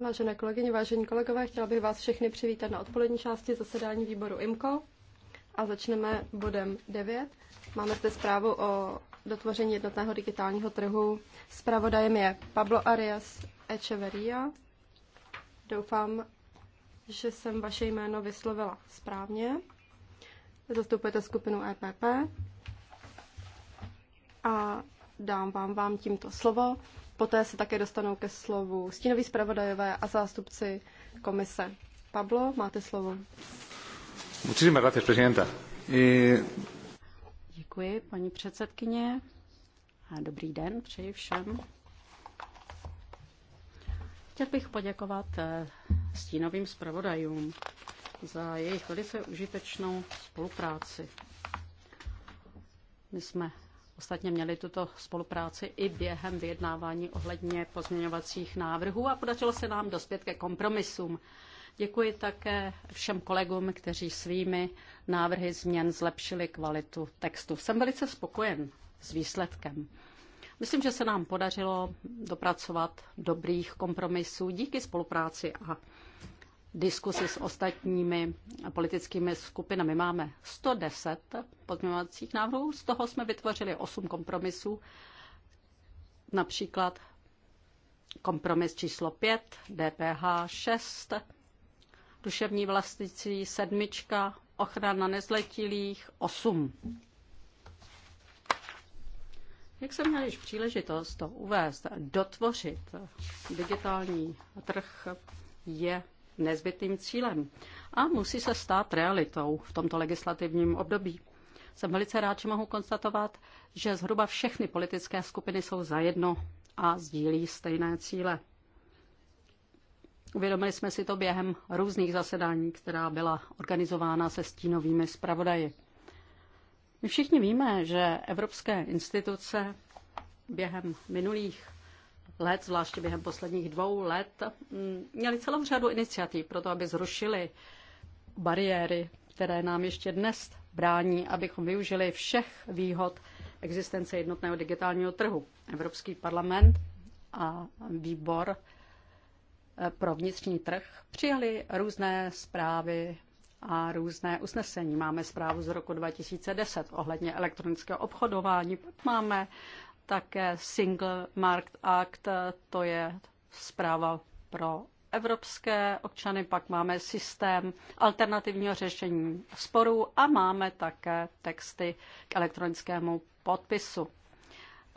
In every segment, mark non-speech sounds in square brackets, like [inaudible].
Vážené kolegyně, vážení kolegové, chtěla bych vás všechny přivítat na odpolední části zasedání výboru IMCO a začneme bodem 9. Máme zde zprávu o dotvoření jednotného digitálního trhu. Spravodajem je Pablo Arias Echeveria. Doufám, že jsem vaše jméno vyslovila správně. Zastupujete skupinu EPP a dám vám, vám tímto slovo Poté se také dostanou ke slovu stínoví zpravodajové a zástupci komise. Pablo, máte slovo. Eh, Děkuji, paní předsedkyně. A dobrý den přeji všem. Chtěl bych poděkovat eh, stínovým zpravodajům za jejich velice užitečnou spolupráci. My jsme ostatně měli tuto spolupráci i během vyjednávání ohledně pozměňovacích návrhů a podařilo se nám dospět ke kompromisům. Děkuji také všem kolegům, kteří svými návrhy změn zlepšili kvalitu textu. Jsem velice spokojen s výsledkem. Myslím, že se nám podařilo dopracovat dobrých kompromisů díky spolupráci a diskusi s ostatními politickými skupinami. Máme 110 pozměňovacích návrhů, z toho jsme vytvořili 8 kompromisů, například kompromis číslo 5, DPH 6, duševní vlastnictví 7, ochrana nezletilých 8. Jak jsem měl již příležitost to uvést, dotvořit digitální trh je nezbytným cílem a musí se stát realitou v tomto legislativním období. Jsem velice rád, že mohu konstatovat, že zhruba všechny politické skupiny jsou zajedno a sdílí stejné cíle. Uvědomili jsme si to během různých zasedání, která byla organizována se stínovými zpravodaji. My všichni víme, že evropské instituce během minulých let, zvláště během posledních dvou let, mm, měli celou řadu iniciativ pro to, aby zrušili bariéry, které nám ještě dnes brání, abychom využili všech výhod existence jednotného digitálního trhu. Evropský parlament a výbor eh, pro vnitřní trh přijali různé zprávy a různé usnesení. Máme zprávu z roku 2010 ohledně elektronického obchodování, máme také Single Market Act, to je zpráva pro evropské občany, pak máme systém alternativního řešení sporů a máme také texty k elektronickému podpisu.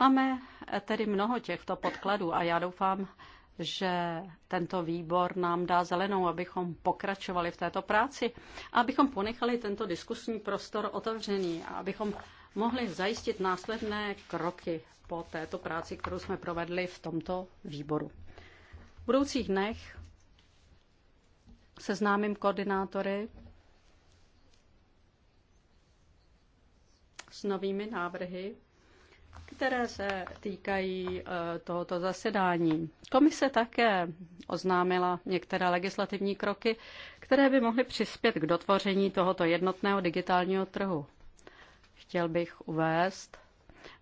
Máme tedy mnoho těchto podkladů a já doufám, že tento výbor nám dá zelenou, abychom pokračovali v této práci a abychom ponechali tento diskusní prostor otevřený a abychom mohli zajistit následné kroky po této práci, kterou jsme provedli v tomto výboru. V budoucích dnech seznámím koordinátory s novými návrhy, které se týkají e, tohoto zasedání. Komise také oznámila některé legislativní kroky, které by mohly přispět k dotvoření tohoto jednotného digitálního trhu chtěl bych uvést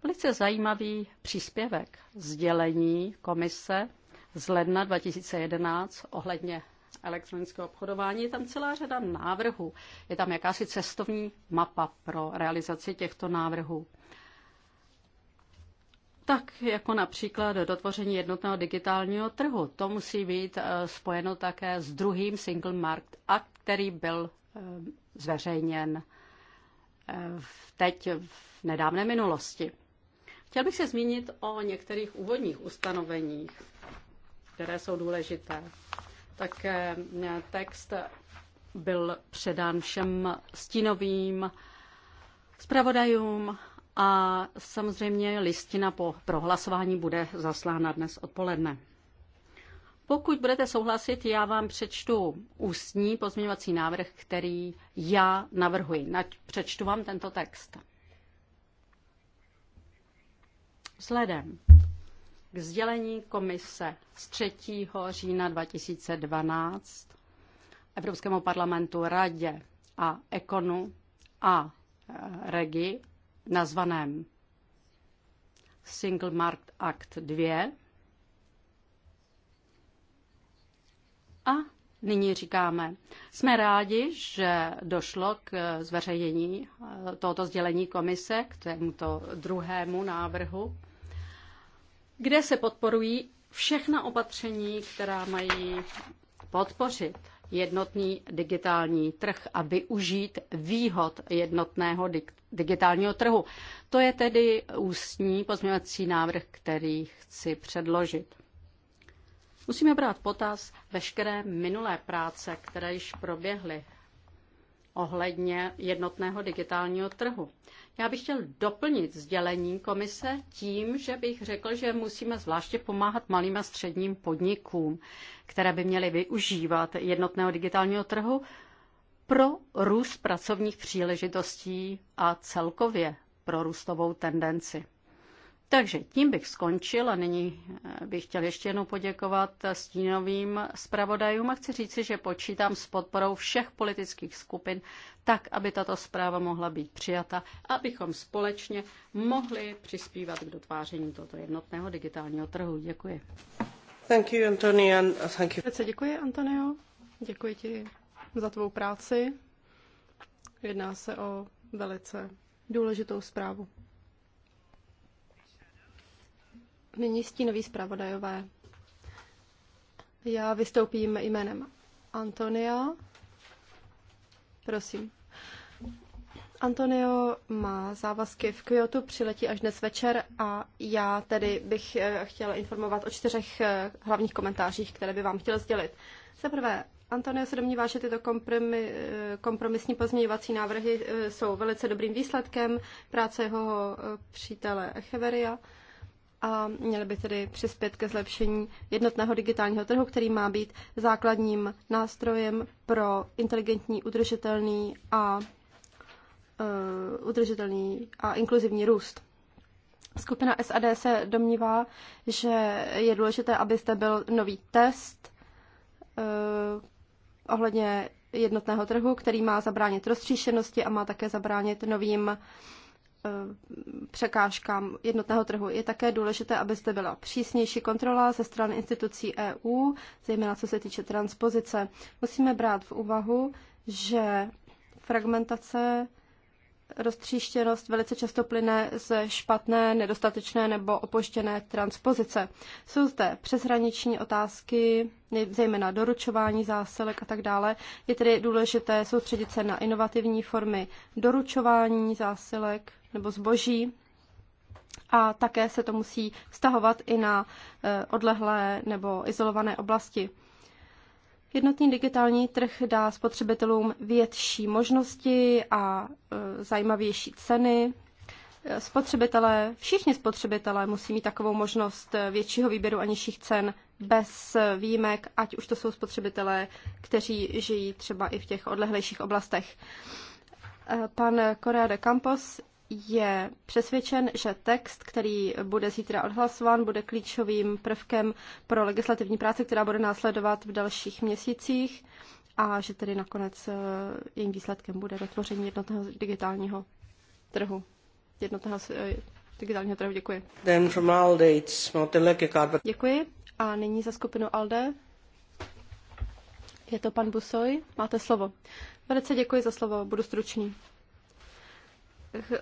velice zajímavý příspěvek sdělení komise z ledna 2011 ohledně elektronického obchodování. Je tam celá řada návrhů. Je tam jakási cestovní mapa pro realizaci těchto návrhů. Tak jako například dotvoření jednotného digitálního trhu. To musí být eh, spojeno také s druhým Single Market Act, který byl eh, zveřejněn teď v nedávné minulosti. Chtěl bych se zmínit o některých úvodních ustanoveních, které jsou důležité. Tak text byl předán všem stínovým zpravodajům a samozřejmě listina po prohlasování bude zaslána dnes odpoledne. Pokud budete souhlasit, já vám přečtu ústní pozměňovací návrh, který já navrhuji. Přečtu vám tento text. Vzhledem k sdělení komise z 3. října 2012 Evropskému parlamentu, Radě a Ekonu a e, Regi nazvaném Single Market Act 2 A nyní říkáme, jsme rádi, že došlo k zveřejnění eh, tohoto sdělení komise k tomuto druhému návrhu, kde se podporují všechna opatření, která mají podpořit jednotný digitální trh a využít výhod jednotného digitálního trhu. To je tedy ústní pozměňovací návrh, který chci předložit. Musíme brát potaz veškeré minulé práce, které již proběhly ohledně jednotného digitálního trhu. Já bych chtěl doplnit sdělení komise tím, že bych řekl, že musíme zvláště pomáhat malým a středním podnikům, které by měly využívat jednotného digitálního trhu pro růst pracovních příležitostí a celkově pro růstovou tendenci. Takže tím bych skončil a nyní eh, bych chtěl ještě jednou poděkovat stínovým zpravodajům a chci říci, že počítám s podporou všech politických skupin, tak, aby tato zpráva mohla být přijata, abychom společně mohli přispívat k dotváření tohoto jednotného digitálního trhu. Děkuji. Thank you, Antonio. Thank you. Velice děkuji, Antonio. Děkuji ti za tvou práci. Jedná se o velice důležitou zprávu. Nyní stínoví zpravodajové. Já vystoupím jménem Antonia. Prosím. Antonio má závazky v Kyoto, přiletí až dnes večer a já tedy bych eh, chtěla informovat o čtyřech eh, hlavních komentářích, které by vám chtěl sdělit. Za prvé, Antonio se domnívá, že tyto kompromi, eh, kompromisní pozměňovací návrhy jsou velice dobrým výsledkem práce jeho přítele Echeveria a měly by tedy přispět ke zlepšení jednotného digitálního trhu, který má být základním nástrojem pro inteligentní, udržitelný a uh, udržitelný a inkluzivní růst. Skupina SAD se domnívá, že je důležité, abyste byl nový test uh, ohledně jednotného trhu, který má zabránit roztříšenosti a má také zabránit novým uh, překážkám jednotného trhu. Je také důležité, aby zde byla přísnější kontrola ze strany institucí EU, zejména co se týče transpozice. Musíme brát v úvahu, že fragmentace, roztříštěnost velice často plyne ze špatné, nedostatečné nebo opoštěné transpozice. Jsou zde přeshraniční otázky, zejména doručování zásilek a tak dále. Je tedy důležité soustředit se na inovativní formy doručování zásilek, nebo zboží. A také se to musí vztahovat i na eh, odlehlé nebo izolované oblasti. Jednotný digitální trh dá spotřebitelům větší možnosti a eh, zajímavější ceny. Eh, spotřebitelé, všichni spotřebitelé musí mít takovou možnost většího výběru a nižších cen bez výjimek, ať už to jsou spotřebitelé, kteří žijí třeba i v těch odlehlejších oblastech. Pan Korea de Campos je přesvědčen, že text, který bude zítra odhlasován, bude klíčovým prvkem pro legislativní práci, která bude následovat v dalších měsících a že tedy nakonec eh, jejím výsledkem bude vytvoření jednotného digitálního trhu. Jednotného eh, digitálního trhu. Děkuji. Then from ALDE, it's not card, but... Děkuji. A nyní za skupinu ALDE je to pan Busoj. Máte slovo. Velice děkuji za slovo, budu stručný.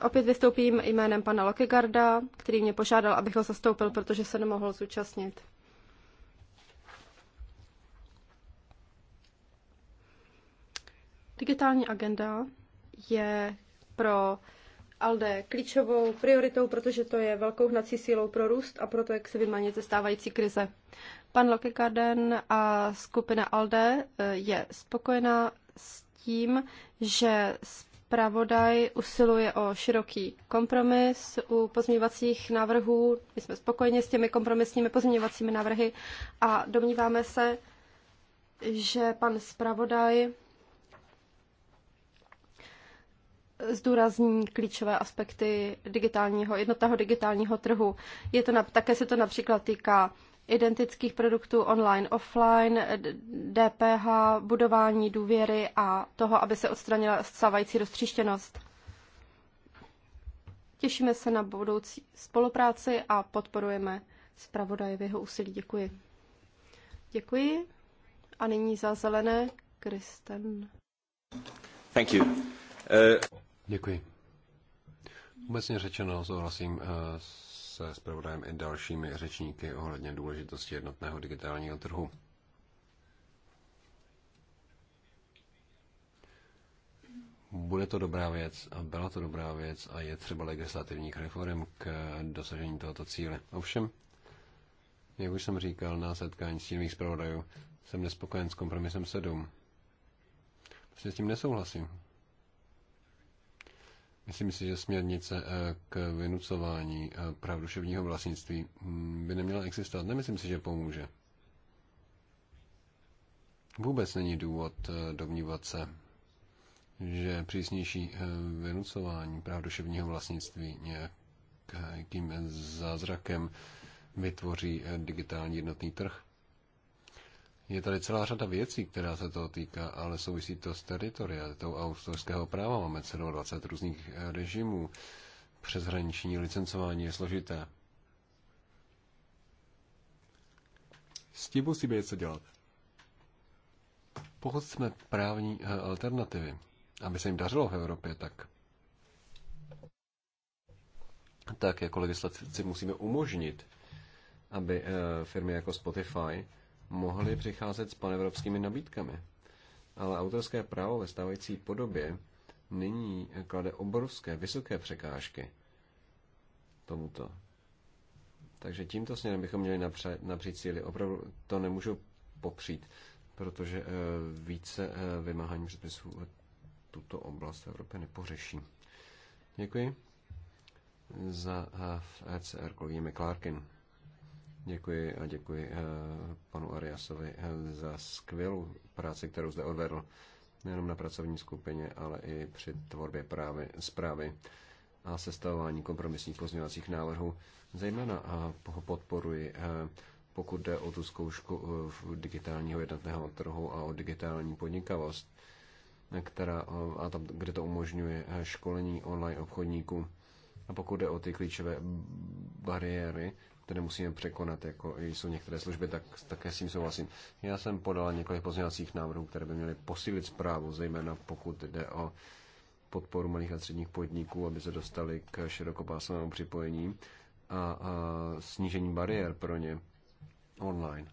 Opět vystoupím jménem pana Lokegarda, který mě požádal, abych ho zastoupil, protože se nemohl zúčastnit. Digitální agenda je pro ALDE klíčovou prioritou, protože to je velkou hnací sílou pro růst a pro to, jak se vymanit ze stávající krize. Pan Lokegarden a skupina ALDE eh, je spokojená s tím, že zpravodaj usiluje o široký kompromis u pozměňovacích návrhů. My jsme spokojeni s těmi kompromisními pozměňovacími návrhy a domníváme se, že pan zpravodaj zdůrazní klíčové aspekty digitálního, jednotného digitálního trhu. Je to, také se to například týká identických produktů online, offline, DPH, budování důvěry a toho, aby se odstranila stávající roztříštěnost. Těšíme se na budoucí spolupráci a podporujeme zpravodaje v jeho úsilí. Děkuji. Děkuji. A nyní za zelené Kristen. Thank you. Uh... Děkuji. Obecně řečeno souhlasím eh, s se zpravodajem i dalšími řečníky ohledně důležitosti jednotného digitálního trhu. Bude to dobrá věc a byla to dobrá věc a je třeba legislativních reform k dosažení tohoto cíle. Ovšem, jak už jsem říkal na setkání stínových zpravodajů, jsem nespokojen s kompromisem 7. Prostě vlastně s tím nesouhlasím. Myslím si, že směrnice eh, k vynucování eh, práv duševního vlastnictví mm, by neměla existovat. Nemyslím si, že pomůže. Vůbec není důvod eh, domnívat se, že přísnější vynucování práv duševního vlastnictví nějakým zázrakem vytvoří digitální jednotný trh. Je tady celá řada věcí, která se toho týká, ale souvisí to s teritorialitou autorského práva. Máme celou 20 různých eh, režimů. Přeshraniční licencování je složité. S tím musíme něco dělat. Pokud jsme právní eh, alternativy, aby se jim dařilo v Evropě, tak tak jako legislativci musíme umožnit, aby eh, firmy jako Spotify mohli přicházet s panevropskými nabídkami. Ale autorské právo ve stávající podobě nyní klade obrovské, vysoké překážky tomuto. Takže tímto směrem bychom měli napřed, napřít síly. Opravdu to nemůžu popřít, protože eh, více eh, vymáhání předpisů eh, tuto oblast v Evropě nepořeší. Děkuji za FCR e ECR kolegyně McClarkin. Děkuji a děkuji eh, panu Ariasovi eh, za skvělou práci, kterou zde odvedl nejenom na pracovní skupině, ale i při tvorbě právě zprávy a sestavování kompromisních pozměňovacích návrhů. Zejména eh, ho podporuji, pokud jde o tu zkoušku digitálního jednotného trhu a o digitální podnikavost, která, a tam, kde to umožňuje školení online obchodníků. A pokud jde o ty klíčové bariéry, které musíme překonat, jako jsou některé služby, tak také s tím souhlasím. Já jsem podala několik pozměňovacích návrhů, které by měly posílit zprávu, zejména pokud jde o podporu malých a středních podniků, aby se dostali k širokopásovému připojení a, a snížení bariér pro ně online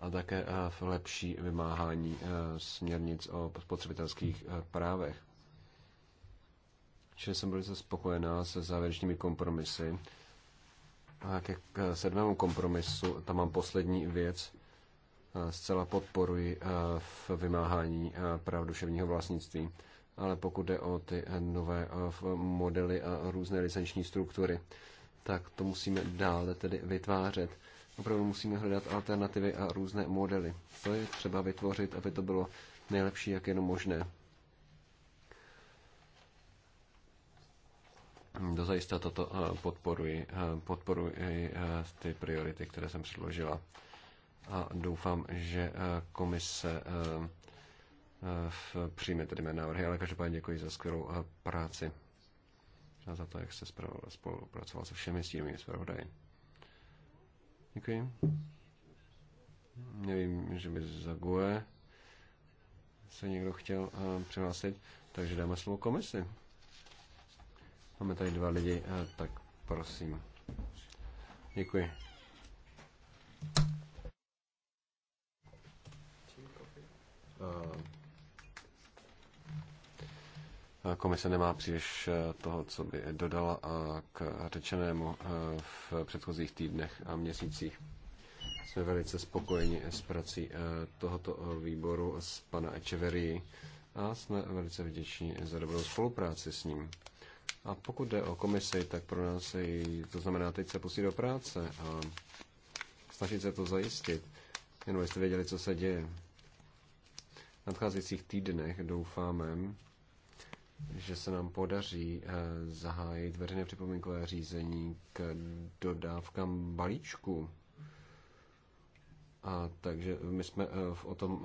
a také e, v lepší vymáhání e, směrnic o spotřebitelských e, právech. Čili jsem velice spokojená se závěrečnými kompromisy a ke k sedmému kompromisu, tam mám poslední věc. Zcela podporuji v vymáhání práv duševního vlastnictví, ale pokud jde o ty nové modely a různé licenční struktury, tak to musíme dále tedy vytvářet. Opravdu musíme hledat alternativy a různé modely. To je třeba vytvořit, aby to bylo nejlepší, jak jenom možné. Dozajista toto eh, podporuji, eh, podporuji eh, ty priority, které jsem předložila. A doufám, že komise přijme tedy mé návrhy, ale každopádně děkuji za skvělou práci a za to, jak jste spolupracoval se všemi stínovými zpravodaji. Děkuji. Nevím, že by za GUE se někdo chtěl přihlásit, takže dáme slovo komisi. Máme tady dva lidi, eh, tak prosím. Děkuji. Eh, komise nemá příliš eh, toho, co by dodala a k řečenému v předchozích týdnech a měsících. Jsme velice spokojeni s prací tohoto výboru s pana Echeverii a jsme velice vděční za dobrou spolupráci s ním. A pokud jde o komisi, tak pro nás je, to znamená, teď se pustí do práce a snažit se to zajistit, jenom jste věděli, co se děje. V nadcházejících týdnech doufáme, že se nám podaří eh, zahájit veřejné připomínkové řízení k dodávkám balíčku. A takže my jsme eh, o tom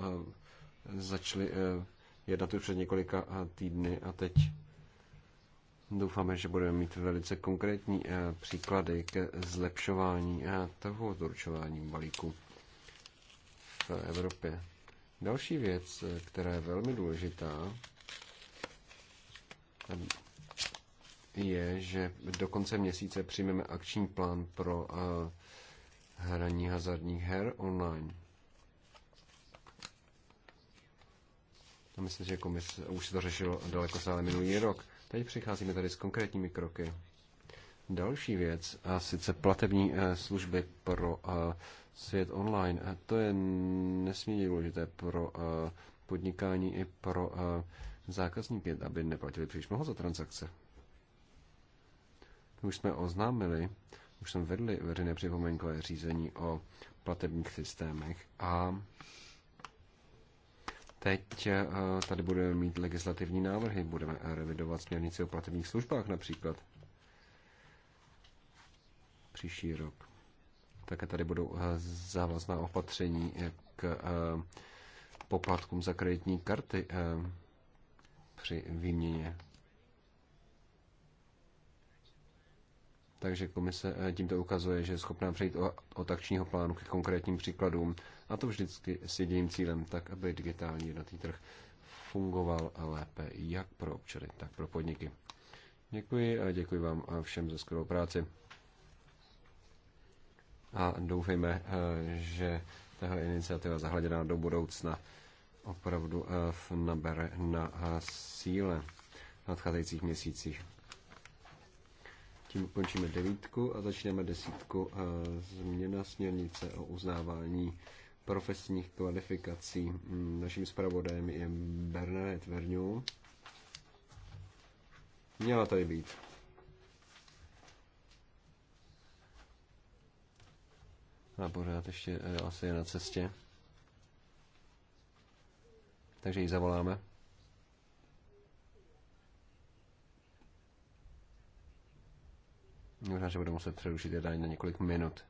eh, začali jednat už před několika týdny a teď Doufáme, že budeme mít velice konkrétní eh, příklady ke zlepšování eh, trhu doručování balíku v Evropě. Další věc, eh, která je velmi důležitá, je, že do konce měsíce přijmeme akční plán pro hraní hazardních her online. A myslím, že komise už se to řešilo daleko sále minulý rok. Teď přicházíme tady s konkrétními kroky. Další věc, a sice platební eh, služby pro eh, svět online, to je nesmírně důležité pro eh, podnikání i pro zákazníky, aby neplatili příliš mnoho za transakce. Už jsme oznámili, už jsme vedli veřejné připomínkové řízení o platebních systémech a Teď eh, tady budeme mít legislativní návrhy, budeme revidovat směrnici o platebních službách například příští rok. Také tady budou eh, závazná opatření k eh, poplatkům za kreditní karty při výměně Takže komise eh, tímto ukazuje, že je schopná přejít od akčního plánu ke konkrétním příkladům a to vždycky s jediným cílem, tak aby digitální jednotný trh fungoval lépe jak pro občany, tak pro podniky. Děkuji a děkuji vám eh, všem za skvělou práci. A doufejme, eh, že tahle iniciativa zahleděná do budoucna opravdu nabere na síle v nadcházejících měsících. Tím ukončíme devítku a začneme desítku. Eh, změna směrnice o uznávání profesních kvalifikací. Mm, naším zpravodajem je Bernadette Vernu. Měla tady být. A pořád ještě eh, asi je na cestě. Takže ji zavoláme. Možná, že budeme muset přerušit jednání na několik minut.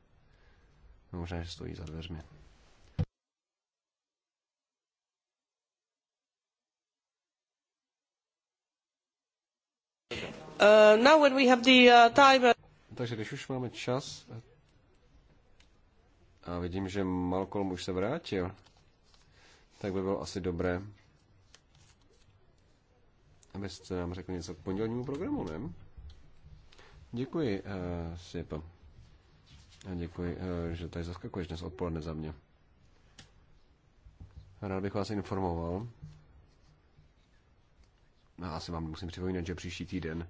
Možná, že stojí za dveřmi. Uh, now when we have the uh, time... Uh, Takže když už máme čas, a vidím, že Malcolm už se vrátil, tak by bylo asi dobré, abyste nám řekli něco k pondělnímu programu, ne? Děkuji, uh, eh, Sipa. A děkuji, uh, že tady zaskakuješ dnes odpoledne za mě. Rád bych vás informoval. A asi vám musím připomínat, že příští týden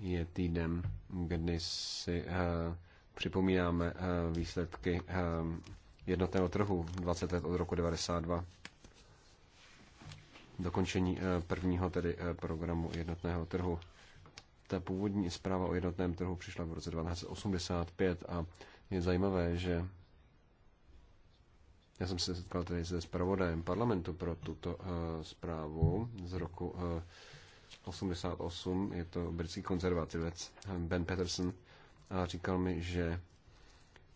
je týden, kdy si uh, připomínáme uh, výsledky uh, jednotného trhu 20 let od roku 92 dokončení prvního tedy programu jednotného trhu ta původní zpráva o jednotném trhu přišla v roce 1985 a je zajímavé, že já jsem se setkal tady se zpravodajem parlamentu pro tuto uh, zprávu z roku uh, eh, 88, je to britský konzervativec eh, Ben Peterson, a říkal mi, že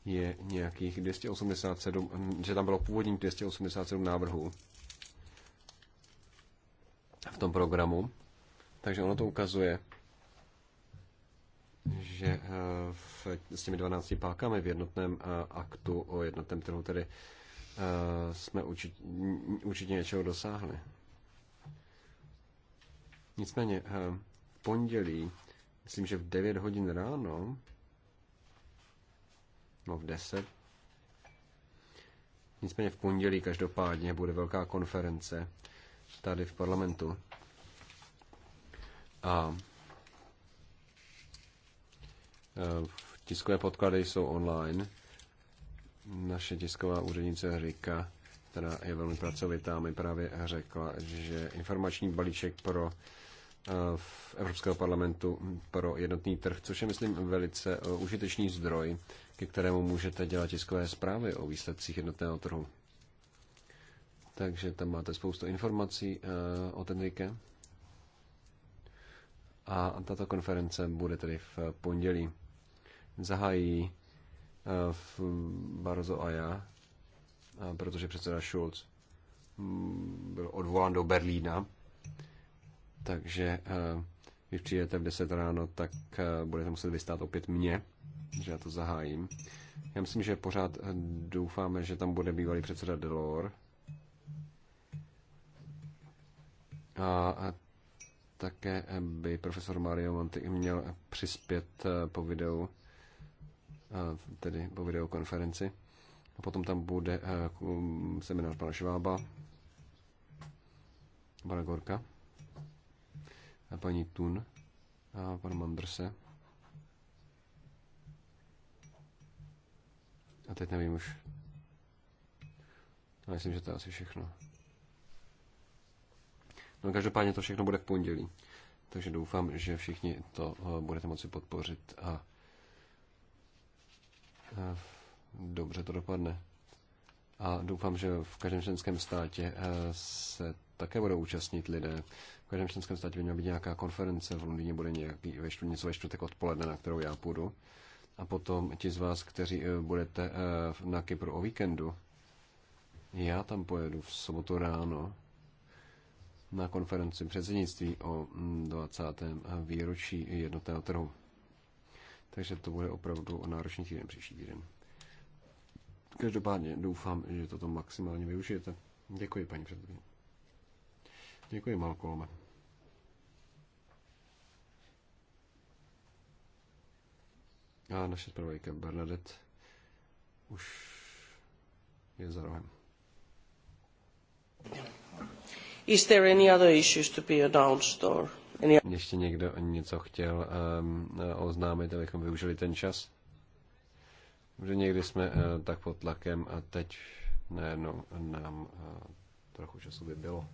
je nějakých 287, že tam bylo původní 287 návrhů v tom programu. Takže ono to ukazuje, že eh, v, s těmi 12 pákami v jednotném eh, aktu o jednotném trhu tedy eh, jsme určit, určitě něčeho dosáhli. Nicméně v pondělí, myslím, že v 9 hodin ráno, no v 10, nicméně v pondělí každopádně bude velká konference tady v parlamentu. A Eh, tiskové podklady jsou online. Naše tisková úřednice říká, která je velmi pracovitá, mi právě řekla, že informační balíček pro eh, v Evropského parlamentu pro jednotný trh, což je, myslím, velice eh, užitečný zdroj, ke kterému můžete dělat tiskové zprávy o výsledcích jednotného trhu. Takže tam máte spoustu informací o Enrique. A tato konference bude tedy v pondělí zahájí eh, v Barzo a já, eh, protože předseda Schulz mm, byl odvolán do Berlína. Takže eh, když přijdete v 10 ráno, tak budete muset vystát opět mě, že já to zahájím. Já myslím, že pořád doufáme, že tam bude bývalý předseda Delor A, a také by profesor Mario Monti měl přispět po videu tedy po videokonferenci. A potom tam bude eh, seminář pana Švába, pana Gorka, a paní Tun a pan Mandrse. A teď nevím už. A no, myslím, že to je asi všechno. No každopádně to všechno bude v pondělí. Takže doufám, že všichni to eh, budete moci podpořit a Eh, dobře to dopadne. A doufám, že v každém členském státě eh, se také budou účastnit lidé. V každém členském státě by měla být nějaká konference, v Londýně bude nějaký, ve něco ve čtvrtek odpoledne, na kterou já půjdu. A potom ti z vás, kteří eh, budete na Kypru o víkendu, já tam pojedu v sobotu ráno na konferenci předsednictví o 20. Mm, výročí jednotného trhu. Takže to bude opravdu náročný týden příští týden. Každopádně doufám, že toto maximálně využijete. Děkuji, paní předsedkyně. Děkuji, Malcolme. A naše zpravodajka Bernadette už je za rohem. Is there any other issues to be announced or ještě někdo něco chtěl um, oznámit, abychom využili ten čas? Protože někdy jsme uh, tak pod tlakem a teď najednou nám uh, trochu času by bylo.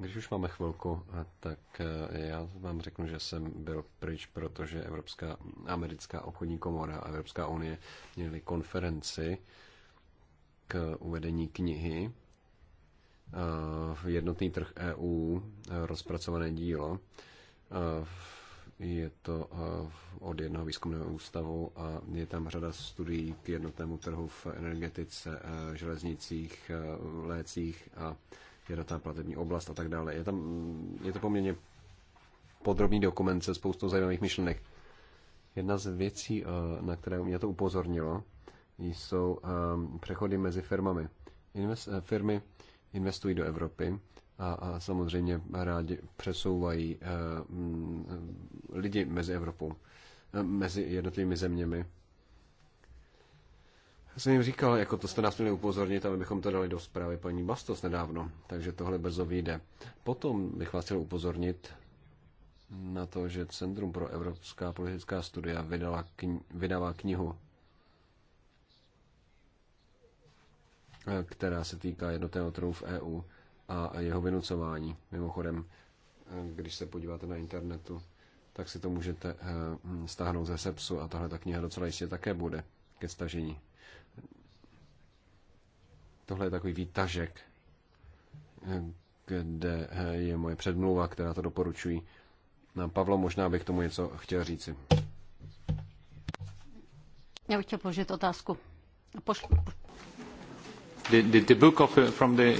Když už máme chvilku, eh, tak eh, já vám řeknu, že jsem byl pryč, protože Evropská, americká obchodní komora a Evropská unie měly konferenci k uvedení knihy eh, v jednotný trh EU rozpracované dílo. V je to eh, od jednoho výzkumného ústavu a je tam řada studií k jednotnému trhu v energetice, eh, železnicích, eh, lécích a jednotná platební oblast a tak dále. Je, tam, je to poměrně podrobný dokument se spoustou zajímavých myšlenek. Jedna z věcí, na které mě to upozornilo, jsou přechody mezi firmami. Invest, firmy investují do Evropy, a, a samozřejmě rádi přesouvají eh, mm, lidi mezi Evropou, eh, mezi jednotlivými zeměmi. Já jsem jim říkal, jako to jste nás měli upozornit, aby bychom to dali do zprávy paní Bastos nedávno, takže tohle brzo vyjde. Potom bych vás chtěl upozornit na to, že Centrum pro evropská politická studia vydala kni- vydává knihu, eh, která se týká jednotného trhu v EU a jeho vynucování. Mimochodem, eh, když se podíváte na internetu, tak si to můžete eh, hm, stáhnout ze sepsu a tahle ta kniha docela jistě také bude ke stažení. Tohle je takový výtažek, eh, kde je moje předmluva, která to doporučují. Nám no, Pavlo možná bych k tomu něco chtěl říci. Já bych chtěl položit otázku. Pošlu. The, the, the book of, from the...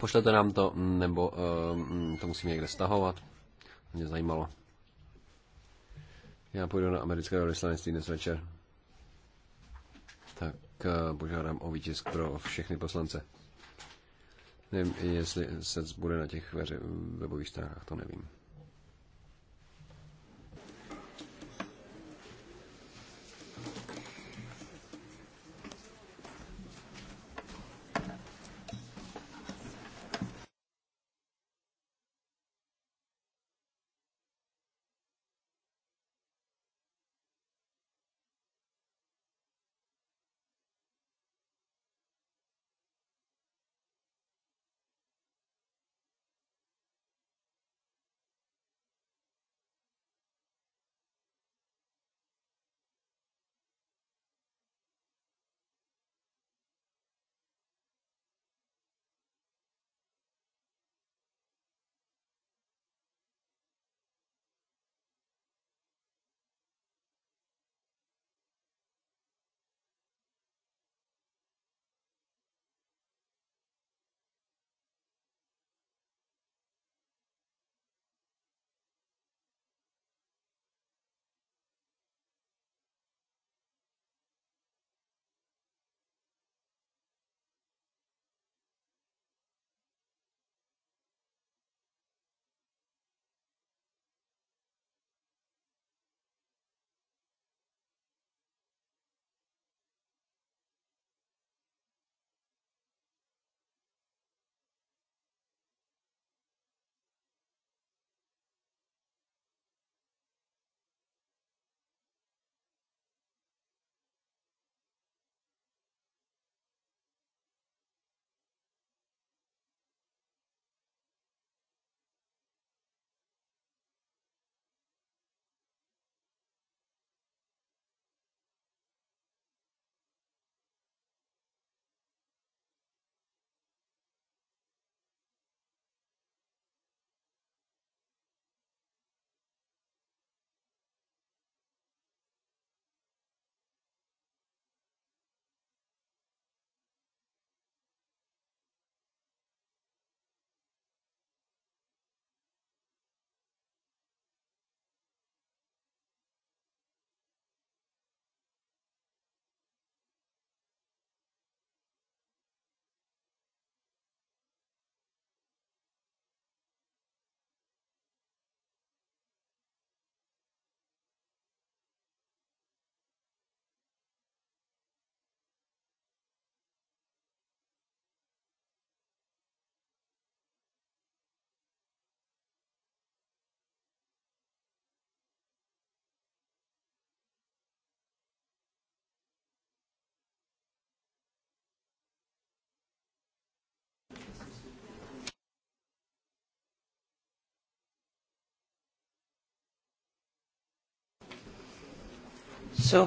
Pošlete nám to, nebo eh, to musíme někde stahovat. Mě zajímalo. Já půjdu na americké velvyslanectví dnes večer. Tak eh, požádám o výtisk pro všechny poslance. Nevím, jestli se bude na těch webových stránkách, to nevím.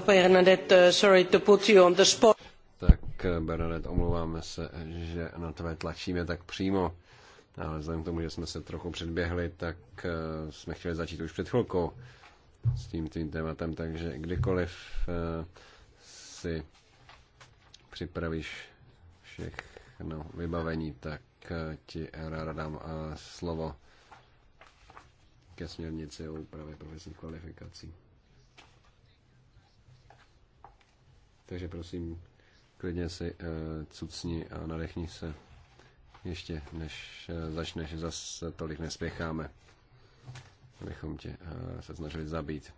Bernadette, eh, sorry to Tak eh, Bernadette, omlouváme se, že na tvé tlačíme tak přímo. Ale vzhledem k tomu, že jsme se trochu předběhli, tak eh, jsme chtěli začít už před chvilkou s tím, tím tématem, takže kdykoliv si připravíš všechno vybavení, tak ti ráda dám slovo ke směrnici o úpravě profesních kvalifikací. Takže prosím, klidně si eh, cucni a nadechni se ještě než eh, začneš, zase tolik nespěcháme, abychom tě eh, se snažili zabít.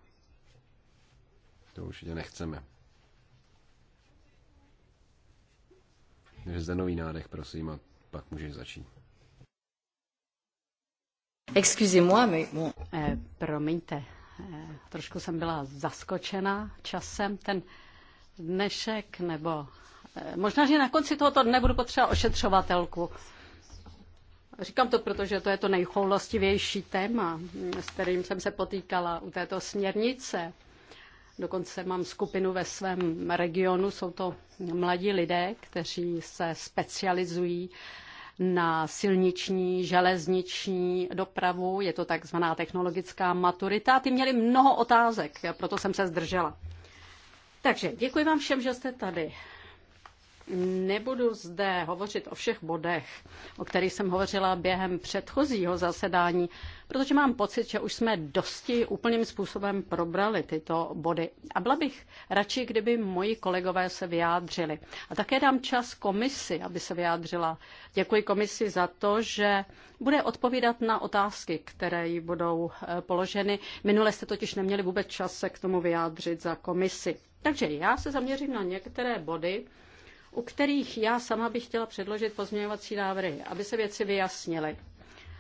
To určitě nechceme. Takže zde nový nádech, prosím, a pak můžeš začít. Excusez-moi, mais bon. Eh, promiňte, eh, trošku jsem byla zaskočena časem. Ten dnešek, nebo eh, možná, že na konci tohoto dne budu potřeba ošetřovatelku. Říkám to, protože to je to nejchoulostivější téma, mm, s kterým jsem se potýkala u této směrnice. Dokonce mám skupinu ve svém regionu, jsou to mladí lidé, kteří se specializují na silniční, železniční dopravu. Je to takzvaná technologická maturita. Ty měli mnoho otázek, proto jsem se zdržela. Takže děkuji vám všem, že jste tady. Nebudu zde hovořit o všech bodech, o kterých jsem hovořila během předchozího zasedání, protože mám pocit, že už jsme dosti úplným způsobem probrali tyto body. A byla bych radši, kdyby moji kolegové se vyjádřili. A také dám čas komisi, aby se vyjádřila. Děkuji komisi za to, že bude odpovídat na otázky, které jí budou eh, položeny. Minule jste totiž neměli vůbec čas se k tomu vyjádřit za komisi. Takže já se zaměřím na některé body, u kterých já sama bych chtěla předložit pozměňovací návrhy, aby se věci vyjasnily.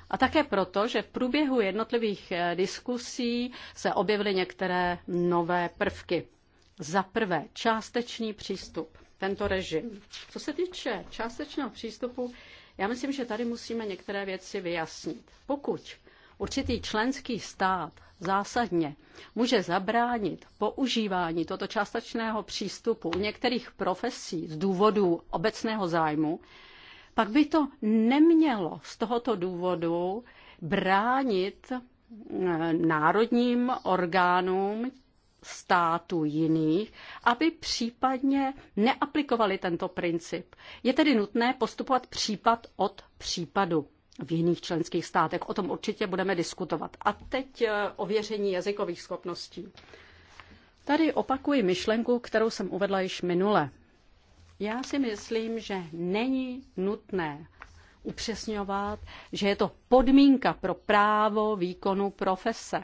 A také proto, že v průběhu jednotlivých eh, diskusí se objevily některé nové prvky. Za prvé, částečný přístup, tento režim. Co se týče částečného přístupu, já myslím, že tady musíme některé věci vyjasnit. Pokud určitý členský stát zásadně může zabránit používání toto částečného přístupu u některých profesí z důvodu obecného zájmu, pak by to nemělo z tohoto důvodu bránit eh, národním orgánům států jiných, aby případně neaplikovali tento princip. Je tedy nutné postupovat případ od případu v jiných členských státech. O tom určitě budeme diskutovat. A teď eh, ověření jazykových schopností. Tady opakuji myšlenku, kterou jsem uvedla již minule. Já si myslím, že není nutné upřesňovat, že je to podmínka pro právo výkonu profese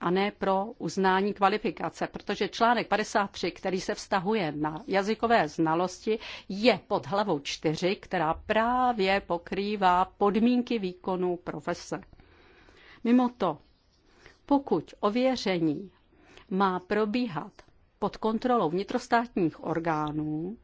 a ne pro uznání kvalifikace, protože článek 53, který se vztahuje na jazykové znalosti, je pod hlavou 4, která právě pokrývá podmínky výkonu profese. Mimo to, pokud ověření má probíhat pod kontrolou vnitrostátních orgánů,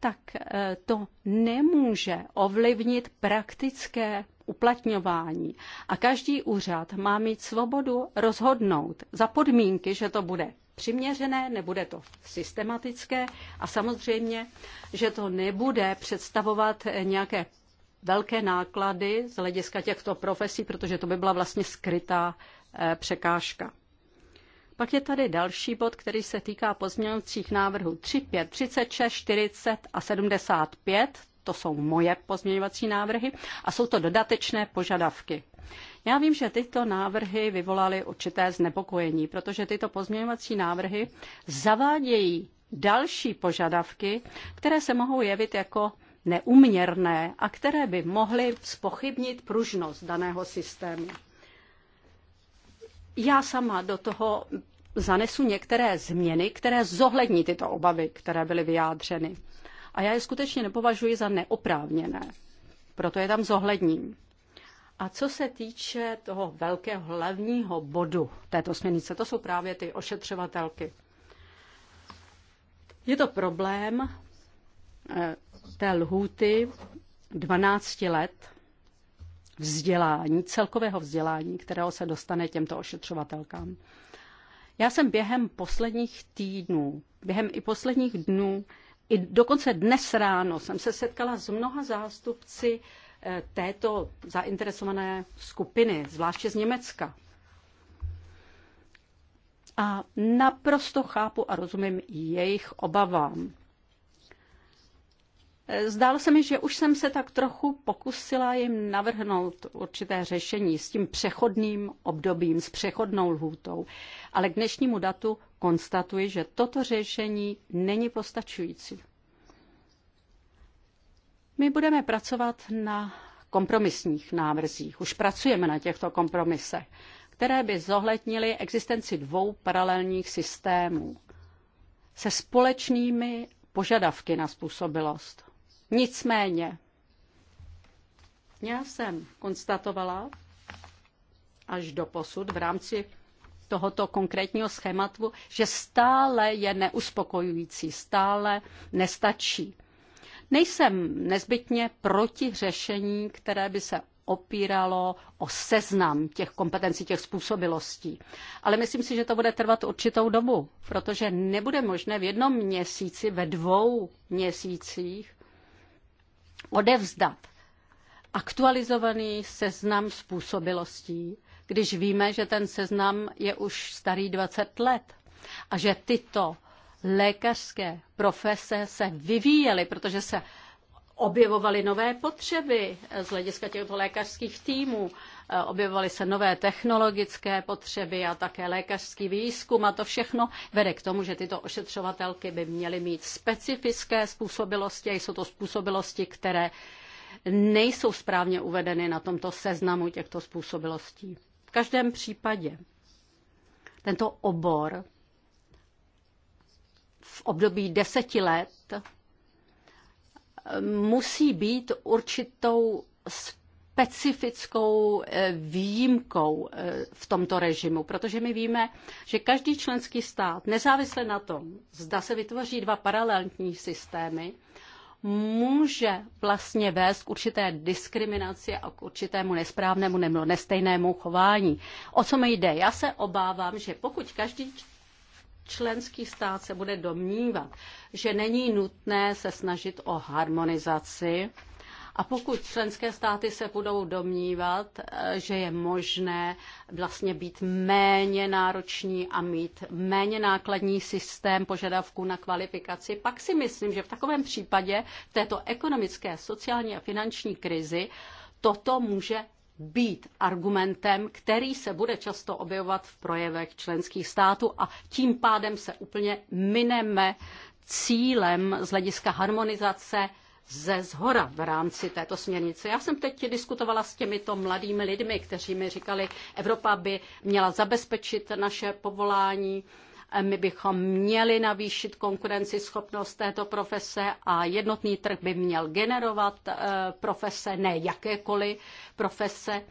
tak eh, to nemůže ovlivnit praktické uplatňování. A každý úřad má mít svobodu rozhodnout za podmínky, že to bude přiměřené, nebude to systematické a samozřejmě, že to nebude představovat nějaké velké náklady z hlediska těchto profesí, protože to by byla vlastně skrytá eh, překážka. Pak je tady další bod, který se týká pozměňovacích návrhů 3, 5, 36, 40 a 75 to jsou moje pozměňovací návrhy a jsou to dodatečné požadavky. Já vím, že tyto návrhy vyvolaly určité znepokojení, protože tyto pozměňovací návrhy zavádějí další požadavky, které se mohou jevit jako neuměrné a které by mohly spochybnit pružnost daného systému. Já sama do toho zanesu některé změny, které zohlední tyto obavy, které byly vyjádřeny a já je skutečně nepovažuji za neoprávněné. Proto je tam zohledním. A co se týče toho velkého hlavního bodu této směrnice, to jsou právě ty ošetřovatelky. Je to problém eh, té lhůty 12 let vzdělání, celkového vzdělání, kterého se dostane těmto ošetřovatelkám. Já jsem během posledních týdnů, během i posledních dnů i dokonce dnes ráno jsem se setkala s mnoha zástupci eh, této zainteresované skupiny, zvláště z Německa. A naprosto chápu a rozumím jejich obavám. Eh, zdálo se mi, že už jsem se tak trochu pokusila jim navrhnout určité řešení s tím přechodným obdobím, s přechodnou lhůtou, ale k dnešnímu datu konstatuji, že toto řešení není postačující. My budeme pracovat na kompromisních návrzích. Už pracujeme na těchto kompromisech, které by zohlednily existenci dvou paralelních systémů se společnými požadavky na způsobilost. Nicméně, já jsem konstatovala až do posud v rámci tohoto konkrétního schématu, že stále je neuspokojující, stále nestačí. Nejsem nezbytně proti řešení, které by se opíralo o seznam těch kompetencí, těch způsobilostí. Ale myslím si, že to bude trvat určitou dobu, protože nebude možné v jednom měsíci, ve dvou měsících odevzdat aktualizovaný seznam způsobilostí, když víme, že ten seznam je už starý 20 let a že tyto lékařské profese se vyvíjely, protože se objevovaly nové potřeby z hlediska těchto lékařských týmů, objevovaly se nové technologické potřeby a také lékařský výzkum a to všechno vede k tomu, že tyto ošetřovatelky by měly mít specifické způsobilosti a jsou to způsobilosti, které nejsou správně uvedeny na tomto seznamu těchto způsobilostí. V každém případě tento obor v období deseti let eh, musí být určitou specifickou eh, výjimkou eh, v tomto režimu, protože my víme, že každý členský stát, nezávisle na tom, zda se vytvoří dva paralelní systémy, může vlastně vést k určité diskriminaci a k určitému nesprávnému nebo nestejnému chování. O co mi jde? Já se obávám, že pokud každý členský stát se bude domnívat, že není nutné se snažit o harmonizaci a pokud členské státy se budou domnívat, eh, že je možné vlastně být méně nároční a mít méně nákladní systém požadavků na kvalifikaci, pak si myslím, že v takovém případě v této ekonomické, sociální a finanční krizi toto může být argumentem, který se bude často objevovat v projevech členských států a tím pádem se úplně mineme cílem z hlediska harmonizace ze zhora v rámci této směrnice. Já jsem teď diskutovala s těmito mladými lidmi, kteří mi říkali, Evropa by měla zabezpečit naše povolání, my bychom měli navýšit konkurenceschopnost této profese a jednotný trh by měl generovat eh, profese, ne jakékoliv profese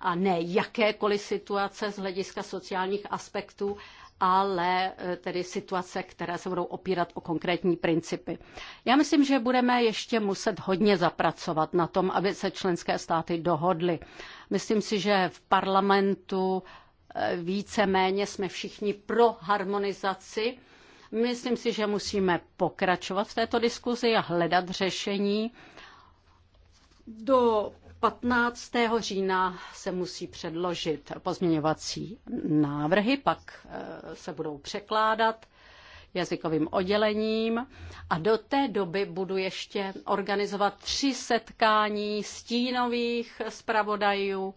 a ne jakékoliv situace z hlediska sociálních aspektů, ale eh, tedy situace, které se budou opírat o konkrétní principy. Já myslím, že budeme ještě muset hodně zapracovat na tom, aby se členské státy dohodly. Myslím si, že v parlamentu eh, víceméně jsme všichni pro harmonizaci. Myslím si, že musíme pokračovat v této diskuzi a hledat řešení. Do 15. října se musí předložit pozměňovací návrhy, pak eh, se budou překládat jazykovým oddělením a do té doby budu ještě organizovat tři setkání stínových zpravodajů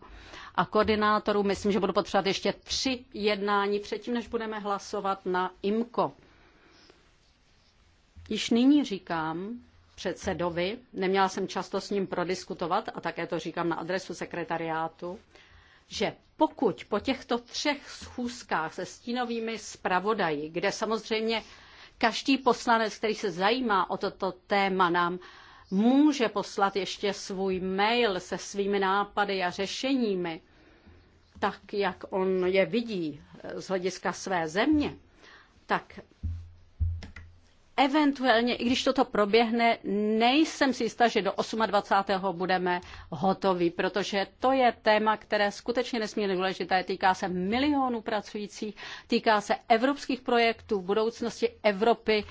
a koordinátorů. Myslím, že budu potřebovat ještě tři jednání předtím, než budeme hlasovat na IMKO. Již nyní říkám, předsedovi. Neměla jsem často s ním prodiskutovat, a také to říkám na adresu sekretariátu, že pokud po těchto třech schůzkách se stínovými zpravodaji, kde samozřejmě každý poslanec, který se zajímá o toto téma, nám může poslat ještě svůj mail se svými nápady a řešeními, tak jak on je vidí z hlediska své země, tak eventuálně, i když toto proběhne, nejsem si jistá, že do 28. budeme hotovi, protože to je téma, které skutečně nesmírně důležité. Týká se milionů pracujících, týká se evropských projektů v budoucnosti Evropy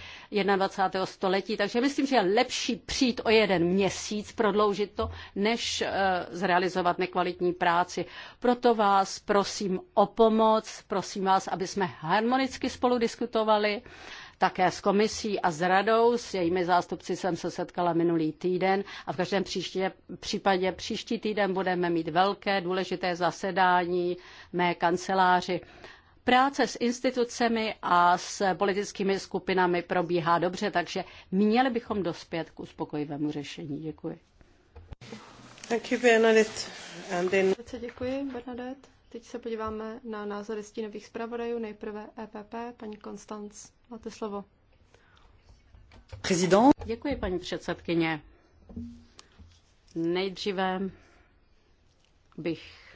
21. století. Takže myslím, že je lepší přijít o jeden měsíc, prodloužit to, než eh, zrealizovat nekvalitní práci. Proto vás prosím o pomoc, prosím vás, aby jsme harmonicky spolu diskutovali také s komisí a s radou, s jejími zástupci jsem se setkala minulý týden a v každém příště, případě příští týden budeme mít velké důležité zasedání mé kanceláři. Práce s institucemi a s politickými skupinami probíhá dobře, takže měli bychom dospět k uspokojivému řešení. Děkuji. Thank you, Bernadette. And Děkuji, Bernadette. Teď se podíváme na názory stínových zpravodajů. Nejprve EPP, paní Konstanc, máte slovo. Prezident. Děkuji, paní předsedkyně. Nejdříve bych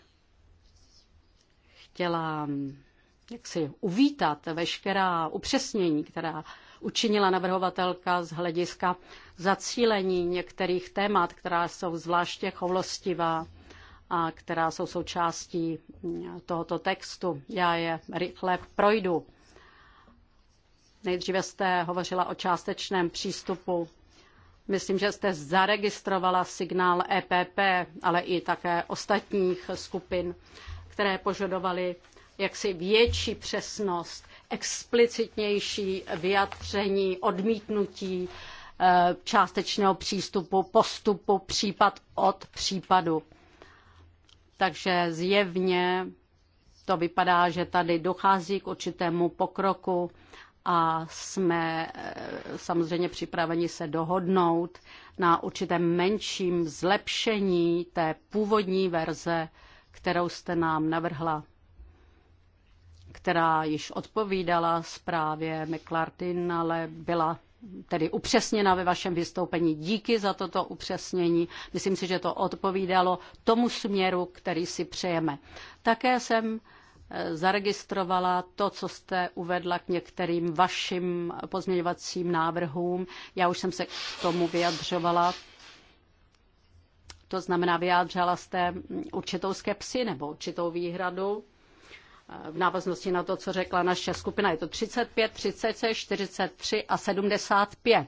chtěla mm, jak si uvítat veškerá upřesnění, která učinila navrhovatelka z hlediska zacílení některých témat, která jsou zvláště choulostivá a která jsou součástí tohoto textu. Já je rychle projdu. Nejdříve jste hovořila o částečném přístupu. Myslím, že jste zaregistrovala signál EPP, ale i také ostatních skupin, které požadovaly jaksi větší přesnost, explicitnější vyjadření, odmítnutí eh, částečného přístupu, postupu případ od případu. Takže zjevně to vypadá, že tady dochází k určitému pokroku a jsme eh, samozřejmě připraveni se dohodnout na určitém menším zlepšení té původní verze, kterou jste nám navrhla, která již odpovídala zprávě McLartin, ale byla tedy upřesněna ve vašem vystoupení. Díky za toto upřesnění. Myslím si, že to odpovídalo tomu směru, který si přejeme. Také jsem eh, zaregistrovala to, co jste uvedla k některým vašim pozměňovacím návrhům. Já už jsem se k tomu vyjadřovala. To znamená, vyjádřila jste mm, určitou skepsi nebo určitou výhradu v návaznosti na to, co řekla naše skupina. Je to 35, 36, 43 a 75.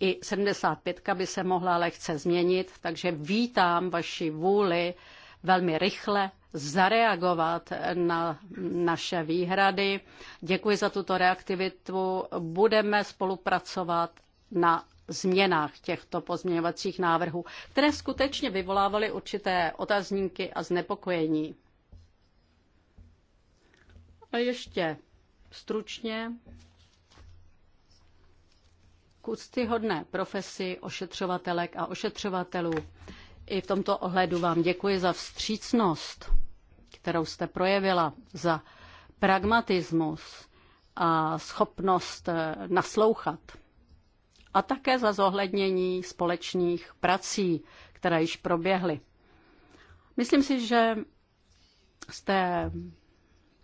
I 75 by se mohla lehce změnit, takže vítám vaši vůli velmi rychle zareagovat na naše výhrady. Děkuji za tuto reaktivitu. Budeme spolupracovat na změnách těchto pozměňovacích návrhů, které skutečně vyvolávaly určité otazníky a znepokojení. A ještě stručně k úctyhodné profesi ošetřovatelek a ošetřovatelů. I v tomto ohledu vám děkuji za vstřícnost, kterou jste projevila, za pragmatismus a schopnost eh, naslouchat. A také za zohlednění společných prací, které již proběhly. Myslím si, že jste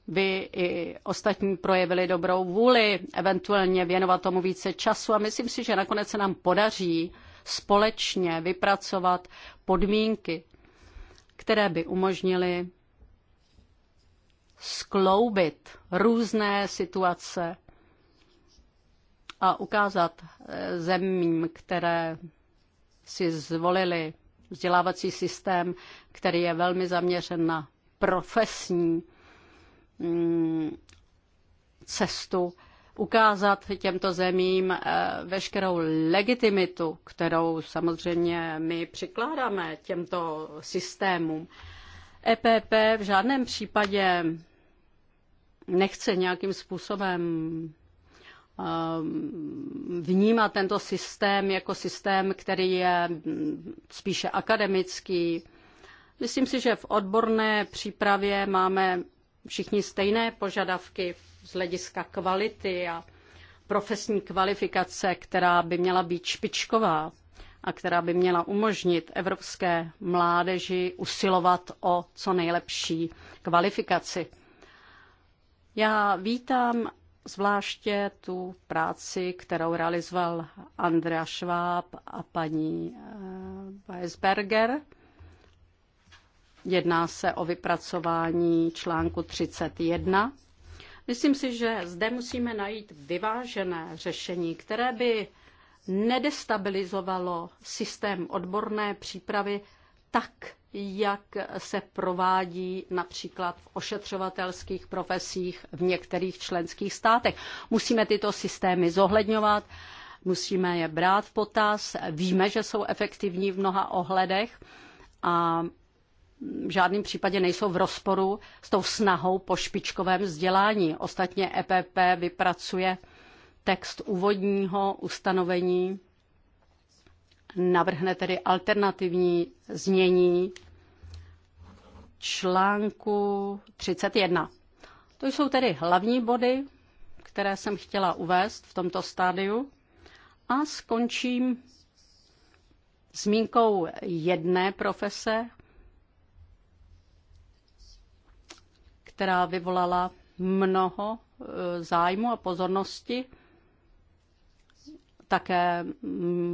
by i ostatní projevili dobrou vůli, eventuálně věnovat tomu více času a myslím si, že nakonec se nám podaří společně vypracovat podmínky, které by umožnily skloubit různé situace a ukázat eh, zemím, které si zvolili vzdělávací systém, který je velmi zaměřen na profesní Mm, cestu ukázat těmto zemím eh, veškerou legitimitu, kterou samozřejmě my přikládáme těmto systémům. EPP v žádném případě nechce nějakým způsobem ehm, vnímat tento systém jako systém, který je mm, spíše akademický. Myslím si, že v odborné přípravě máme všichni stejné požadavky z hlediska kvality a profesní kvalifikace, která by měla být špičková a která by měla umožnit evropské mládeži usilovat o co nejlepší kvalifikaci. Já vítám zvláště tu práci, kterou realizoval Andrea Schwab a paní eh, Weisberger Jedná se o vypracování článku 31. Myslím si, že zde musíme najít vyvážené řešení, které by nedestabilizovalo systém odborné přípravy tak, jak se provádí například v ošetřovatelských profesích v některých členských státech. Musíme tyto systémy zohledňovat, musíme je brát v potaz, víme, že jsou efektivní v mnoha ohledech a v žádném případě nejsou v rozporu s tou snahou po špičkovém vzdělání. Ostatně EPP vypracuje text úvodního ustanovení, navrhne tedy alternativní znění článku 31. To jsou tedy hlavní body, které jsem chtěla uvést v tomto stádiu a skončím zmínkou jedné profese, která vyvolala mnoho e, zájmu a pozornosti. Také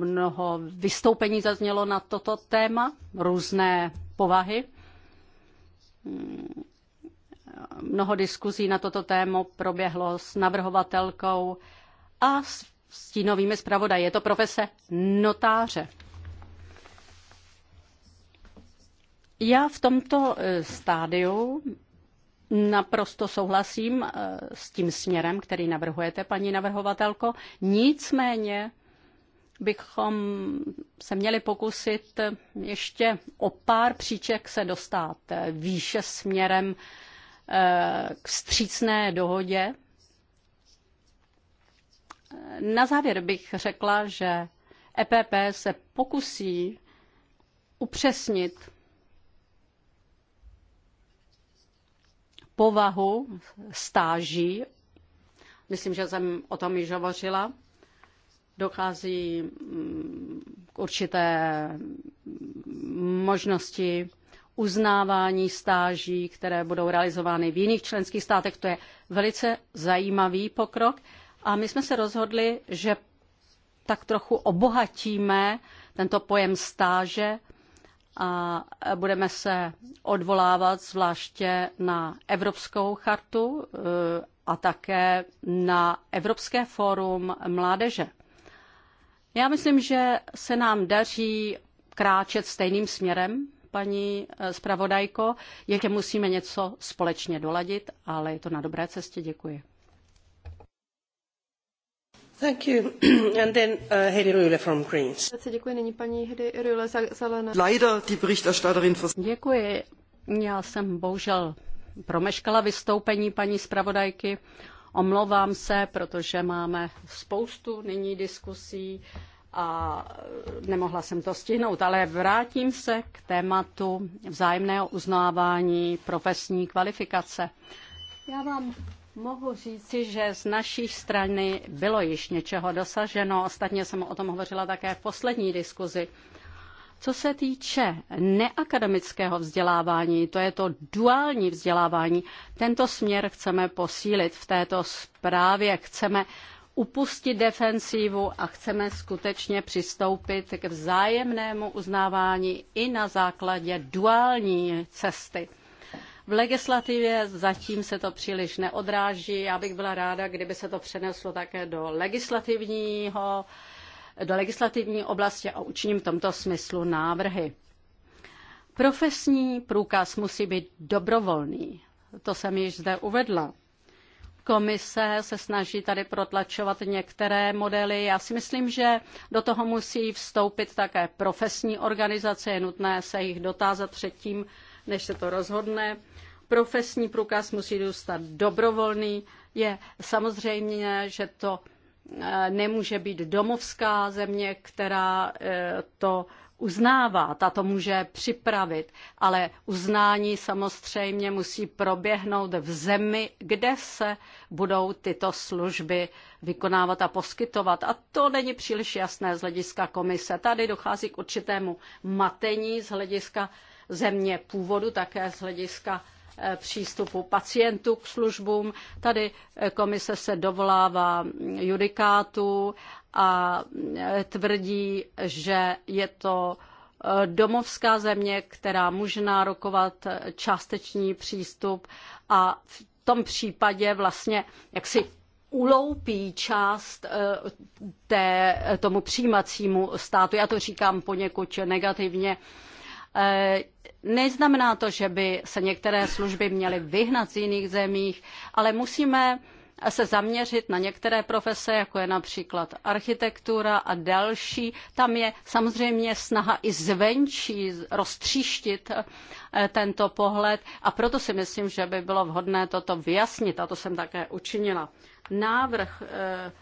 mnoho vystoupení zaznělo na toto téma, různé povahy. Mnoho diskuzí na toto téma proběhlo s navrhovatelkou a s stínovými zpravodaji. Je to profese notáře. Já v tomto e, stádiu Naprosto souhlasím eh, s tím směrem, který navrhujete, paní navrhovatelko. Nicméně bychom se měli pokusit ještě o pár příček se dostat eh, výše směrem eh, k vstřícné dohodě. Na závěr bych řekla, že EPP se pokusí upřesnit povahu stáží. Myslím, že jsem o tom již hovořila. Dochází mm, k určité možnosti uznávání stáží, které budou realizovány v jiných členských státech. To je velice zajímavý pokrok. A my jsme se rozhodli, že tak trochu obohatíme tento pojem stáže a budeme se odvolávat zvláště na Evropskou chartu eh, a také na Evropské fórum mládeže. Já myslím, že se nám daří kráčet stejným směrem, paní eh, zpravodajko. Ještě musíme něco společně doladit, ale je to na dobré cestě. Děkuji. [clears throat] Uh, děkuji, Děkuji. Já jsem bohužel promeškala vystoupení paní zpravodajky. Omlouvám se, protože máme spoustu nyní diskusí a eh, nemohla jsem to stihnout, ale vrátím se k tématu vzájemného uznávání profesní kvalifikace. Já vám Mohu říci, že z naší strany bylo již něčeho dosaženo, ostatně jsem o tom hovořila také v poslední diskuzi. Co se týče neakademického vzdělávání, to je to duální vzdělávání, tento směr chceme posílit v této zprávě, chceme upustit defensívu a chceme skutečně přistoupit k vzájemnému uznávání i na základě duální cesty. V legislativě zatím se to příliš neodráží. Já bych byla ráda, kdyby se to přeneslo také do legislativního do legislativní oblasti a učiním v tomto smyslu návrhy. Profesní průkaz musí být dobrovolný. To jsem již zde uvedla. Komise se snaží tady protlačovat některé modely. Já si myslím, že do toho musí vstoupit také profesní organizace. Je nutné se jich dotázat předtím, než se to rozhodne profesní průkaz musí dostat dobrovolný. Je samozřejmě, že to eh, nemůže být domovská země, která eh, to uznává, ta to může připravit, ale uznání samozřejmě musí proběhnout v zemi, kde se budou tyto služby vykonávat a poskytovat. A to není příliš jasné z hlediska komise. Tady dochází k určitému matení z hlediska země původu, také z hlediska Eh, přístupu pacientů k službům. Tady eh, komise se dovolává judikátu a eh, tvrdí, že je to domovská země, která může nárokovat částečný přístup a v tom případě vlastně jaksi uloupí část té, tomu přijímacímu státu. Já to říkám poněkud negativně, Eh, neznamená to, že by se některé služby měly vyhnat z jiných zemích, ale musíme se zaměřit na některé profese, jako je například architektura a další. Tam je samozřejmě snaha i zvenčí roztříštit eh, tento pohled a proto si myslím, že by bylo vhodné toto vyjasnit a to jsem také učinila. Návrh eh,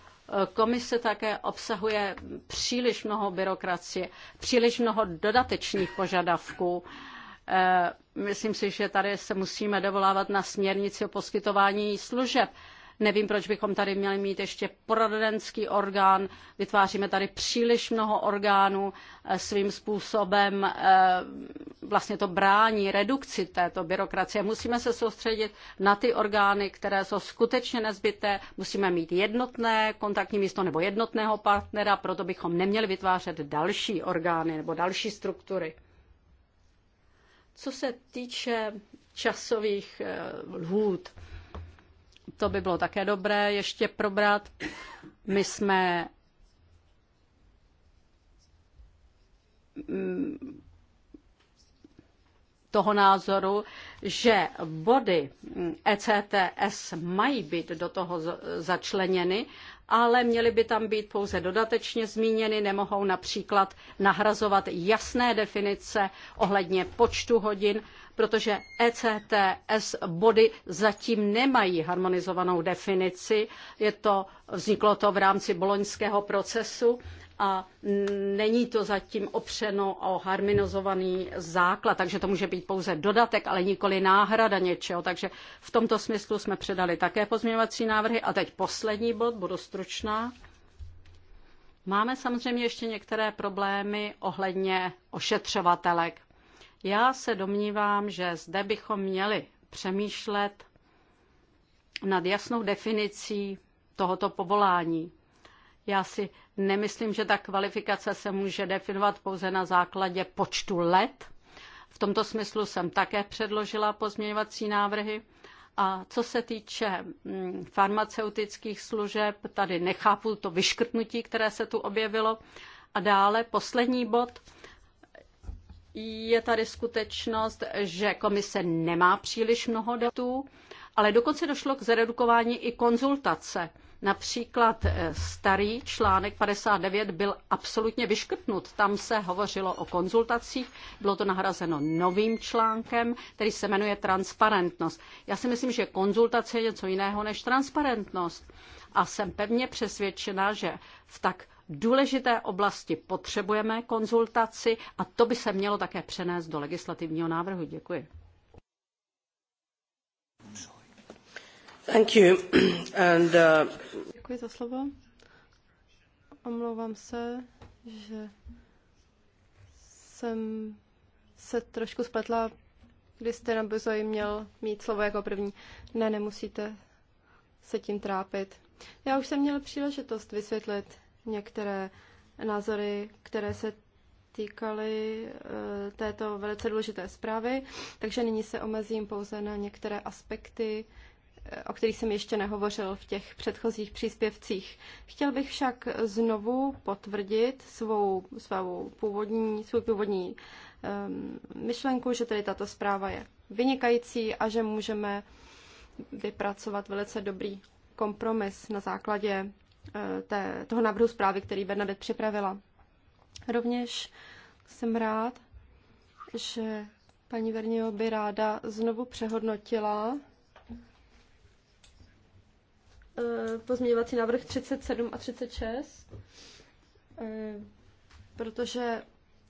Komise také obsahuje příliš mnoho byrokracie, příliš mnoho dodatečných požadavků. Eh, myslím si, že tady se musíme dovolávat na směrnici o poskytování služeb. Nevím, proč bychom tady měli mít ještě poradenský orgán. Vytváříme tady příliš mnoho orgánů eh, svým způsobem. Eh, vlastně to brání redukci této byrokracie. Musíme se soustředit na ty orgány, které jsou skutečně nezbytné. Musíme mít jednotné kontaktní místo nebo jednotného partnera, proto bychom neměli vytvářet další orgány nebo další struktury. Co se týče časových eh, lhůt, to by bylo také dobré ještě probrat. My jsme mm, toho názoru, že body ECTS mají být do toho začleněny ale měly by tam být pouze dodatečně zmíněny, nemohou například nahrazovat jasné definice ohledně počtu hodin, protože ECTS body zatím nemají harmonizovanou definici. Je to, vzniklo to v rámci boloňského procesu a není to zatím opřeno o harmonizovaný základ, takže to může být pouze dodatek, ale nikoli náhrada něčeho. Takže v tomto smyslu jsme předali také pozměňovací návrhy. A teď poslední bod, budu stručná. Máme samozřejmě ještě některé problémy ohledně ošetřovatelek. Já se domnívám, že zde bychom měli přemýšlet nad jasnou definicí tohoto povolání. Já si nemyslím, že ta kvalifikace se může definovat pouze na základě počtu let. V tomto smyslu jsem také předložila pozměňovací návrhy. A co se týče mm, farmaceutických služeb, tady nechápu to vyškrtnutí, které se tu objevilo. A dále poslední bod. Je tady skutečnost, že komise nemá příliš mnoho datů, ale dokonce došlo k zredukování i konzultace. Například eh, starý článek 59 byl absolutně vyškrtnut. Tam se hovořilo o konzultacích, bylo to nahrazeno novým článkem, který se jmenuje transparentnost. Já si myslím, že konzultace je něco jiného než transparentnost. A jsem pevně přesvědčena, že v tak důležité oblasti potřebujeme konzultaci a to by se mělo také přenést do legislativního návrhu. Děkuji. Uh, Děkuji za slovo. Omlouvám se, že jsem se trošku spletla, když jste na Buzoj měl mít slovo jako první. Ne, nemusíte se tím trápit. Já už jsem měl příležitost vysvětlit některé názory, které se týkaly eh, této velice důležité zprávy, takže nyní se omezím pouze na některé aspekty, o kterých jsem ještě nehovořil v těch předchozích příspěvcích. Chtěl bych však znovu potvrdit svou, svou původní, svou původní um, myšlenku, že tedy tato zpráva je vynikající a že můžeme vypracovat velice dobrý kompromis na základě uh, té, toho návrhu zprávy, který Bernadette připravila. Rovněž jsem rád, že paní Verniho by ráda znovu přehodnotila Eh, pozměňovací návrh 37 a 36, eh, protože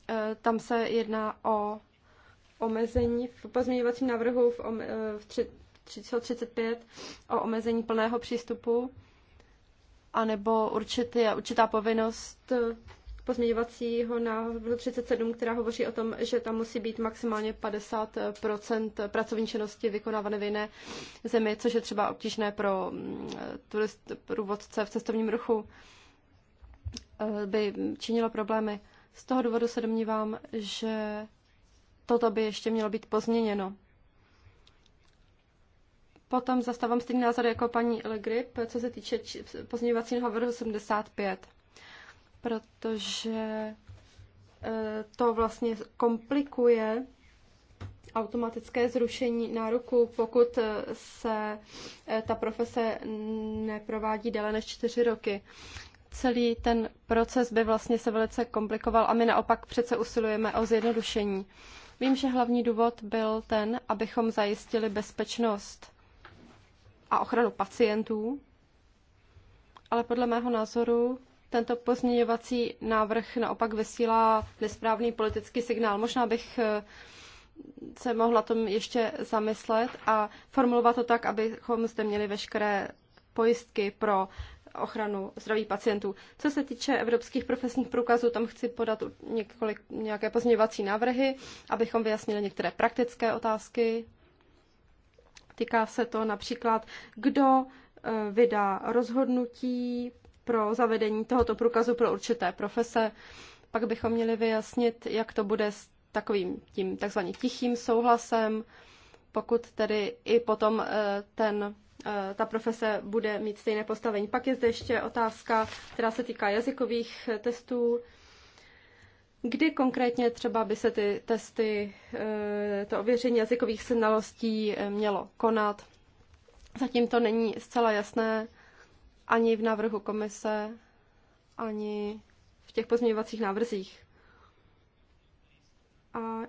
eh, tam se jedná o omezení v pozměňovacím návrhu v, ome, v 335 o omezení plného přístupu anebo určitý, určitá povinnost pozměňovacího návrhu 37, která hovoří o tom, že tam musí být maximálně 50 pracovní činnosti vykonávané v jiné zemi, což je třeba obtížné pro mm, turist, průvodce v cestovním ruchu, eh, by činilo problémy. Z toho důvodu se domnívám, že toto by ještě mělo být pozměněno. Potom zastávám stejný názor jako paní Legrip, co se týče pozměňovacího návrhu 75 protože eh, to vlastně komplikuje automatické zrušení nároku, pokud eh, se eh, ta profese neprovádí déle než čtyři roky. Celý ten proces by vlastně se velice komplikoval a my naopak přece usilujeme o zjednodušení. Vím, že hlavní důvod byl ten, abychom zajistili bezpečnost a ochranu pacientů, ale podle mého názoru tento pozměňovací návrh naopak vysílá nesprávný politický signál. Možná bych eh, se mohla tom ještě zamyslet a formulovat to tak, abychom zde měli veškeré pojistky pro ochranu zdraví pacientů. Co se týče evropských profesních průkazů, tam chci podat několik, nějaké pozměňovací návrhy, abychom vyjasnili některé praktické otázky. Týká se to například, kdo eh, vydá rozhodnutí pro zavedení tohoto průkazu pro určité profese. Pak bychom měli vyjasnit, jak to bude s takovým tím takzvaným tichým souhlasem, pokud tedy i potom eh, ten, eh, ta profese bude mít stejné postavení. Pak je zde ještě otázka, která se týká jazykových eh, testů. Kdy konkrétně třeba by se ty testy, to ověření jazykových znalostí mělo konat? Zatím to není zcela jasné ani v návrhu komise, ani v těch pozměňovacích návrzích. A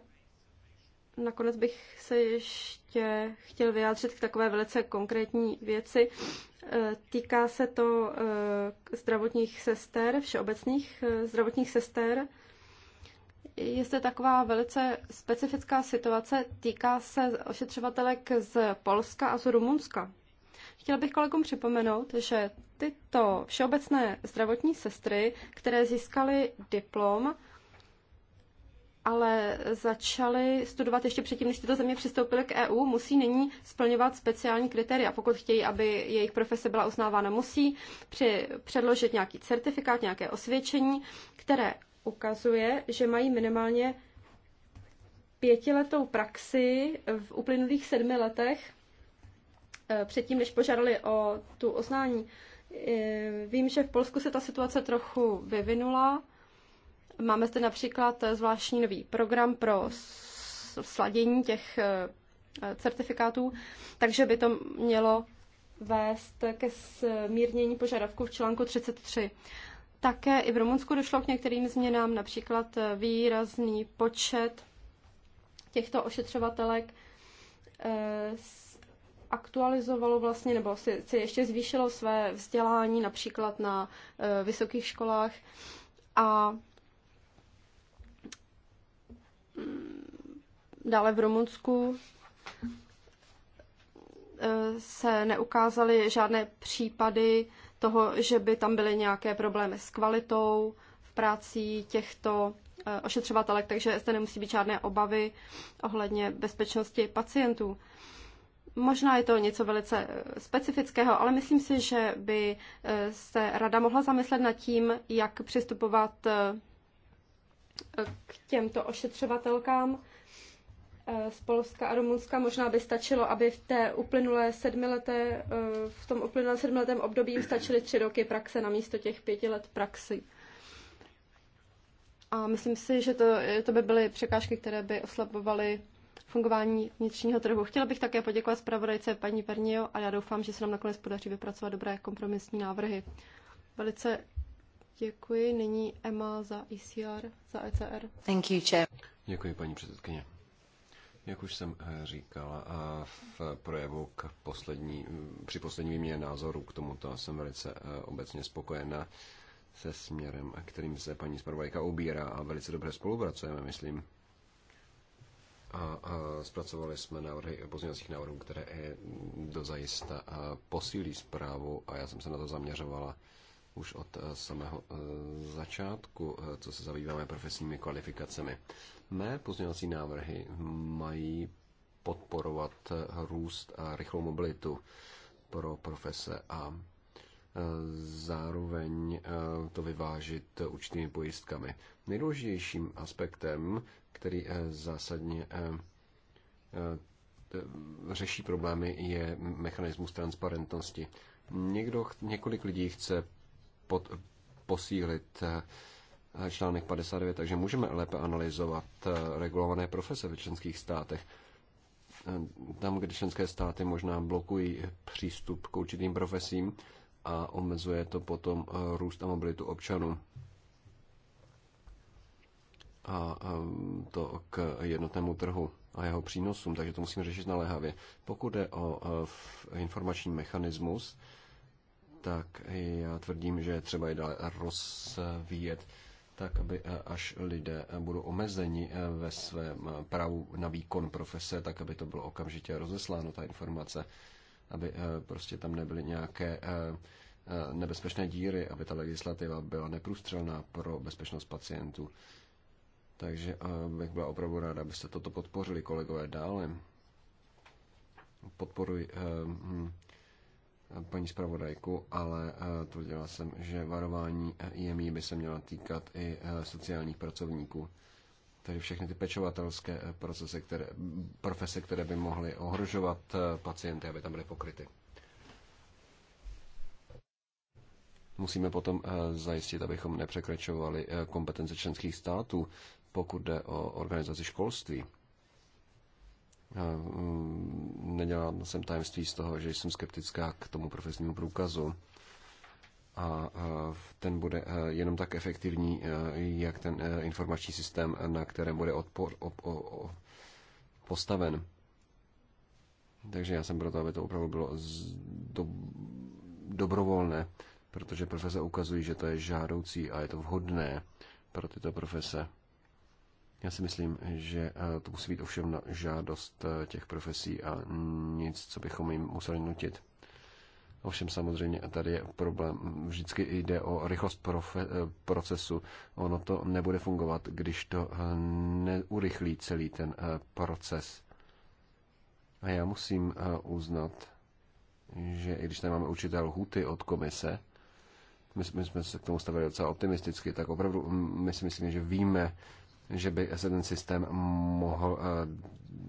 nakonec bych se ještě chtěl vyjádřit k takové velice konkrétní věci. E, týká se to e, zdravotních sester, všeobecných e, zdravotních sester. Je zde taková velice specifická situace, týká se ošetřovatelek z Polska a z Rumunska. Chtěla bych kolegům připomenout, že tyto všeobecné zdravotní sestry, které získaly diplom, ale začaly studovat ještě předtím, než tyto země přistoupily k EU, musí nyní splňovat speciální kritéria. Pokud chtějí, aby jejich profese byla uznávána, musí při předložit nějaký certifikát, nějaké osvědčení, které ukazuje, že mají minimálně pětiletou praxi v uplynulých sedmi letech eh, předtím, než požádali o tu oznání. E, vím, že v Polsku se ta situace trochu vyvinula. Máme zde například zvláštní nový program pro sladění těch e, certifikátů, takže by to mělo vést ke smírnění požadavků v článku 33. Také i v Rumunsku došlo k některým změnám, například výrazný počet těchto ošetřovatelek e, aktualizovalo vlastně, nebo si, si ještě zvýšilo své vzdělání například na uh, vysokých školách a mm, dále v Rumunsku e, se neukázaly žádné případy toho, že by tam byly nějaké problémy s kvalitou v práci těchto e, ošetřovatelek, takže zde nemusí být žádné obavy ohledně bezpečnosti pacientů. Možná je to něco velice eh, specifického, ale myslím si, že by eh, se rada mohla zamyslet nad tím, jak přistupovat eh, k těmto ošetřovatelkám z Polska a Rumunska. Možná by stačilo, aby v té uplynulé sedmileté, v tom uplynulém sedmiletém období jim stačily tři roky praxe na místo těch pěti let praxi. A myslím si, že to, to by byly překážky, které by oslabovaly fungování vnitřního trhu. Chtěla bych také poděkovat zpravodajce paní Pernio a já doufám, že se nám nakonec podaří vypracovat dobré kompromisní návrhy. Velice děkuji. Nyní Emma za ICR, e za ECR. Thank you, chair. Děkuji, paní předsedkyně. Jak už jsem eh, říkala a eh, v projevu k poslední, mm, při poslední výměně názoru k tomuto jsem velice eh, obecně spokojená se směrem, kterým se paní zpravodajka ubírá a velice dobře spolupracujeme, myslím a, a zpracovali jsme návrhy pozměňovacích návrhů, které dozajista posílí zprávu a já jsem se na to zaměřovala už od e, samého e, začátku, e, co se zabýváme profesními kvalifikacemi. Mé pozměňovací návrhy mají podporovat růst a rychlou mobilitu pro profese a zároveň eh, to vyvážit určitými pojistkami. Nejdůležitějším aspektem, který eh, zásadně eh, řeší problémy, je mechanismus transparentnosti. Někdo, několik lidí chce pod, posílit článek 59, takže můžeme lépe analyzovat regulované profese ve členských státech. Tam, kde členské státy možná blokují přístup k určitým profesím, a omezuje to potom eh, růst a mobilitu občanů. A eh, to k jednotnému trhu a jeho přínosům, takže to musíme řešit naléhavě. Pokud je o eh, informační mechanismus, tak já tvrdím, že je třeba je dále rozvíjet tak, aby až lidé budou omezeni ve svém právu na výkon profese, tak aby to bylo okamžitě rozesláno, ta informace aby eh, prostě tam nebyly nějaké eh, eh, nebezpečné díry, aby ta legislativa byla neprůstřelná pro bezpečnost pacientů. Takže bych byla opravdu ráda, abyste toto podpořili, kolegové, dále. Podporuji hm, paní zpravodajku, ale tvrdila jsem, že varování IMI by se měla týkat i sociálních pracovníků. Tedy všechny ty pečovatelské eh, procesy, které, profese, které by mohly ohrožovat eh, pacienty, aby tam byly pokryty. Musíme potom eh, zajistit, abychom nepřekračovali kompetence členských států, pokud jde o organizaci školství. Mm, Nedělám jsem tajemství z toho, že jsem skeptická k tomu profesnímu průkazu a ten bude e, jenom tak efektivní, e, jak ten e, informační systém, na kterém bude odpor, op, op, op, postaven. Takže já jsem to, aby to opravdu bylo z, do, dobrovolné, protože profese ukazují, že to je žádoucí a je to vhodné pro tyto profese. Já si myslím, že to musí být ovšem na žádost těch profesí a nic, co bychom jim museli nutit. Ovšem samozřejmě tady je problém. Vždycky jde o rychlost procesu. Ono to nebude fungovat, když to eh, neurychlí celý ten eh, proces. A já musím eh, uznat, že i když tady máme určité lhuty od komise, my, my jsme se k tomu stavili docela optimisticky, tak opravdu mm, my si myslím, že víme, že by se ten systém mohl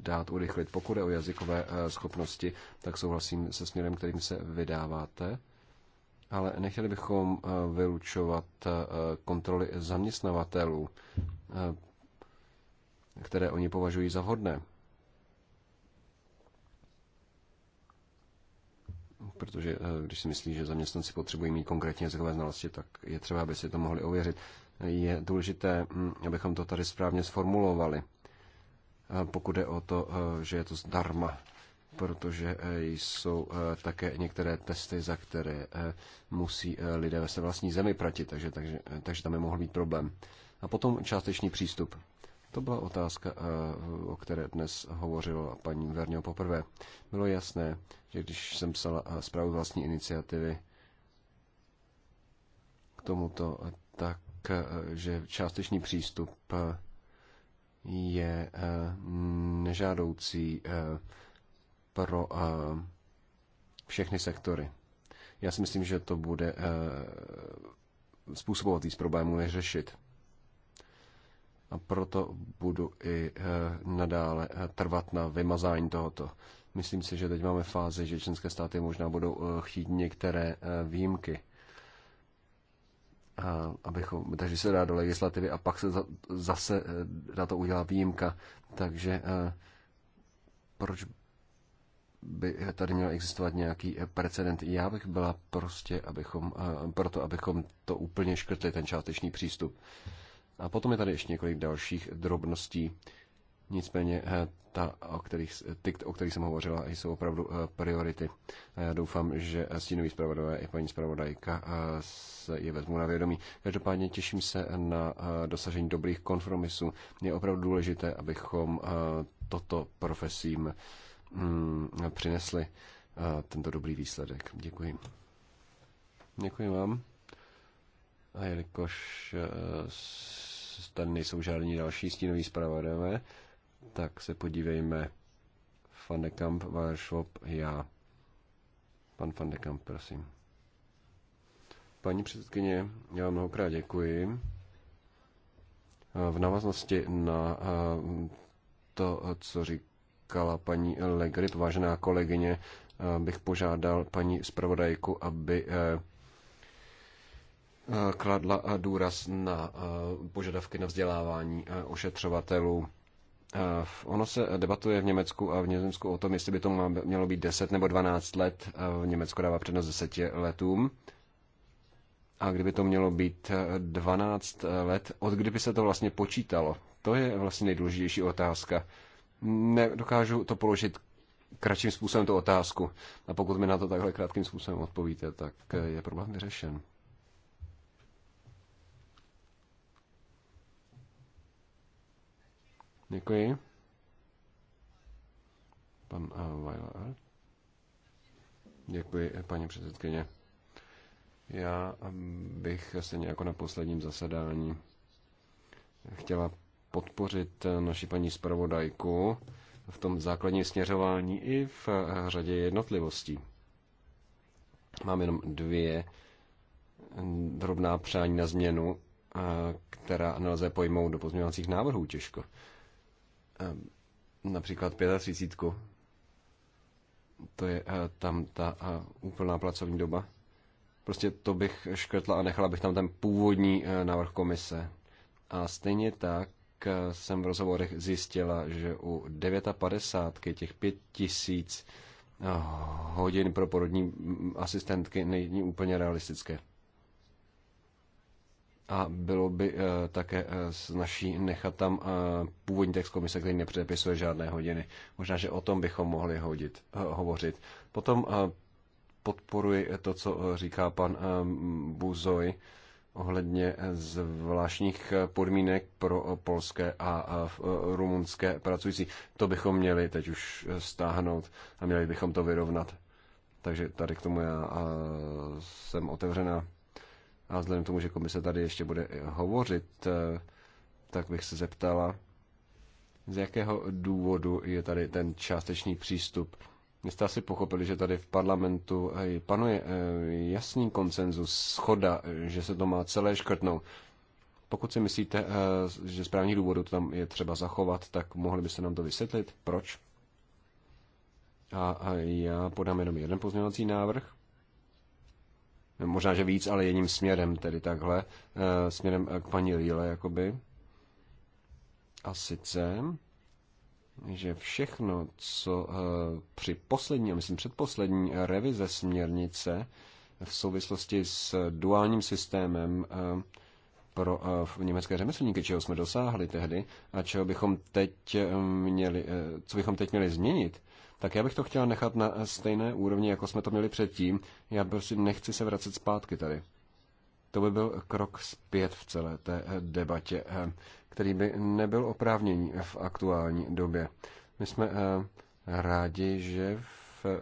dát urychlit. Pokud je o jazykové eh, schopnosti, tak souhlasím se směrem, kterým se vydáváte, ale nechtěli bychom eh, vylučovat eh, kontroly zaměstnavatelů, které oni považují za vhodné. protože když si myslí, že zaměstnanci potřebují mít konkrétní jazykové znalosti, tak je třeba, aby si to mohli ověřit. Je důležité, mm, abychom to tady správně sformulovali pokud je o to, e, že je to zdarma protože e, jsou e, také některé testy, za které musí lidé ve své vlastní zemi pratit, takže, takže, takže tam je mohl být problém. A potom částečný přístup. To byla otázka, o které dnes hovořila paní Verně poprvé. Bylo jasné, že když jsem psala zprávu vlastní iniciativy k tomuto, tak že částečný přístup je eh, nežádoucí eh, pro eh, všechny sektory. Já si myslím, že to bude způsobovat víc problémů než řešit. A proto budu i nadále trvat na vymazání tohoto. Myslím si, že teď máme fázi, že členské státy možná budou chtít některé výjimky abychom, takže se dá do legislativy a pak se zase eh, na to udělá výjimka. Takže eh, proč by tady měl existovat nějaký eh, precedent. Já bych byla prostě, abychom, proto, abychom to úplně škrtli, ten částečný přístup. A potom je tady ještě několik dalších drobností, Nicméně eh, ta, o kterých, ty, o kterých jsem hovořila, jsou opravdu eh, priority. A já doufám, že eh, stínový zpravodajové i paní zpravodajka je vezmu na vědomí. Každopádně těším se na dosažení dobrých konformisů. Je opravdu důležité, abychom toto profesím mm, přinesli tento dobrý výsledek. Děkuji. Děkuji vám. A jelikož tady nejsou žádní další stínoví zpravodajové, tak se podívejme. Fandekamp, Wireshop, já. Pan Fandekamp, prosím. Paní předsedkyně, já vám mnohokrát děkuji. V návaznosti na eh, to, co říkala paní Legrit, vážená kolegyně, eh, bych požádal paní zpravodajku, aby eh, kladla důraz na požadavky na vzdělávání ošetřovatelů Ono se debatuje v Německu a v Německu o tom, jestli by to mělo být 10 nebo 12 let. V Německu dává přednost 10 letům. A kdyby to mělo být 12 e, e, let, od kdyby se to vlastně počítalo? To je vlastně nejdůležitější otázka. Nedokážu to položit kratším způsobem tu otázku. A pokud mi na to takhle krátkým způsobem odpovíte, tak e, je problém vyřešen. Děkuji. Pan Weiler. Eh, Děkuji, eh, paní předsedkyně. Já eh, bych se jako na posledním zasedání chtěla podpořit naši paní zpravodajku v tom základním směřování i v řadě jednotlivostí. Mám jenom dvě drobná přání na změnu, která nelze pojmout do pozměňovacích návrhů těžko. Ehm, například 35. To je eh, tam ta eh, úplná pracovní doba. Prostě to bych škrtla a nechala bych tam ten původní eh, návrh komise. A stejně tak jsem v rozhovorech zjistila, že u 59 těch 5000 hodin pro porodní mm, asistentky není úplně realistické. A bylo by eh, také eh, naší nechat tam eh, původní text komise, který nepředepisuje žádné hodiny. Možná, že o tom bychom mohli hodit, hovořit. Potom podporuji to, co říká pan Buzoj ohledně zvláštních podmínek pro polské a rumunské pracující. To bychom měli teď už stáhnout a měli bychom to vyrovnat. Takže tady k tomu já jsem otevřená. A vzhledem k tomu, že komise tady ještě bude eh, hovořit, eh, tak bych se zeptala, z jakého důvodu je tady ten částečný přístup. My jste asi pochopili, že tady v parlamentu eh, panuje jasný konsenzus, schoda, že se to má celé škrtnout. Pokud si myslíte, že z právních důvodů to tam je třeba zachovat, tak mohli byste nám to vysvětlit? Proč? A já podám jenom jeden pozměňovací návrh možná, že víc, ale jedním směrem, tedy takhle, eh, směrem eh, k paní Líle, jakoby. A sice, že všechno, co eh, při poslední, a myslím předposlední revize směrnice v souvislosti s duálním systémem pro v německé řemeslníky, čeho jsme dosáhli tehdy a čeho bychom teď měli, co bychom teď měli změnit, tak já bych to chtěl nechat na stejné úrovni, jako jsme to měli předtím. Já prostě nechci se vracet zpátky tady. To by byl krok zpět v celé té eh, debatě, eh, který by nebyl oprávnění v aktuální době. My jsme eh, rádi, že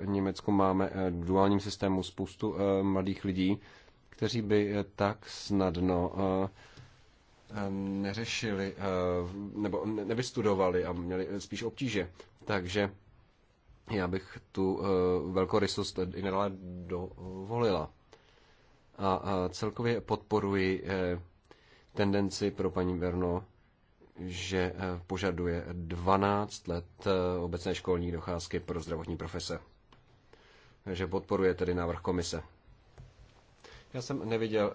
v Německu máme v duálním systému spoustu mladých lidí, kteří by tak snadno neřešili nebo nevystudovali a měli spíš obtíže. Takže já bych tu eh, velkorysost i nadále dovolila. A celkově podporuji eh, tendenci pro paní Verno, že eh, požaduje 12 let obecné školní docházky pro zdravotní profese. takže podporuje tedy návrh komise. Já jsem neviděl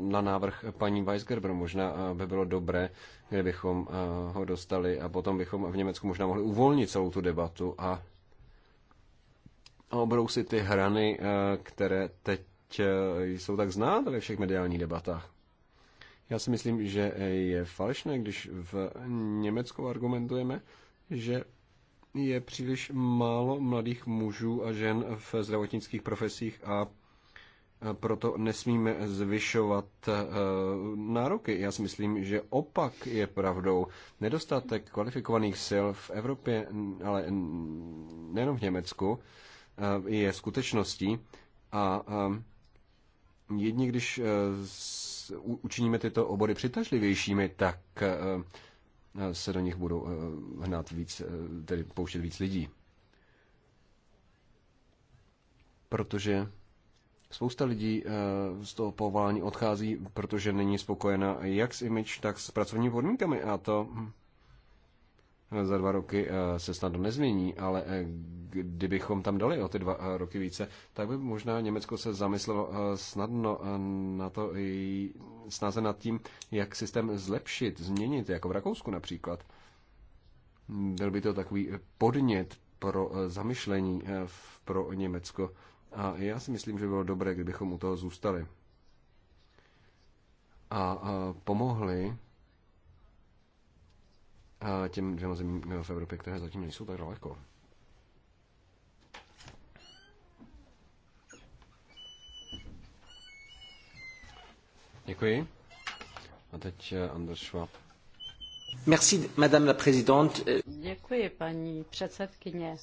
na návrh paní Weisgerber, možná by bylo dobré, kdybychom ho dostali a potom bychom v Německu možná mohli uvolnit celou tu debatu a obrousit ty hrany, eh, které teď eh, jsou tak znát ve všech mediálních debatách. Já si myslím, že je falešné, když v Německu argumentujeme, že je příliš málo mladých mužů a žen v zdravotnických profesích a proto nesmíme zvyšovat eh, nároky. Já si myslím, že opak je pravdou. Nedostatek kvalifikovaných sil v Evropě, ale nejenom v Německu, Eh, je skutečností a eh, jedni, když eh, učiníme tyto obory přitažlivějšími, tak se do nich budou hnát víc, tedy pouštět víc lidí. Protože spousta lidí z toho povolání odchází, protože není spokojena jak s image, tak s pracovními podmínkami a to hm, za dva roky eh, se snadno nezmění, ale eh, kdybychom tam dali o ty dva eh, roky více, tak by možná Německo se zamyslelo snadno na to i snáze nad tím, jak systém zlepšit, změnit, jako v Rakousku například. Byl by to takový podnět pro zamyšlení pro Německo. A já si myslím, že bylo dobré, kdybychom u toho zůstali. A pomohli těm dvěma zemím no, v Evropě, které zatím nejsou tak daleko. Děkuji. A teď eh, Anders Schwab. Merci, madame la présidente. Děkuji, paní předsedkyně.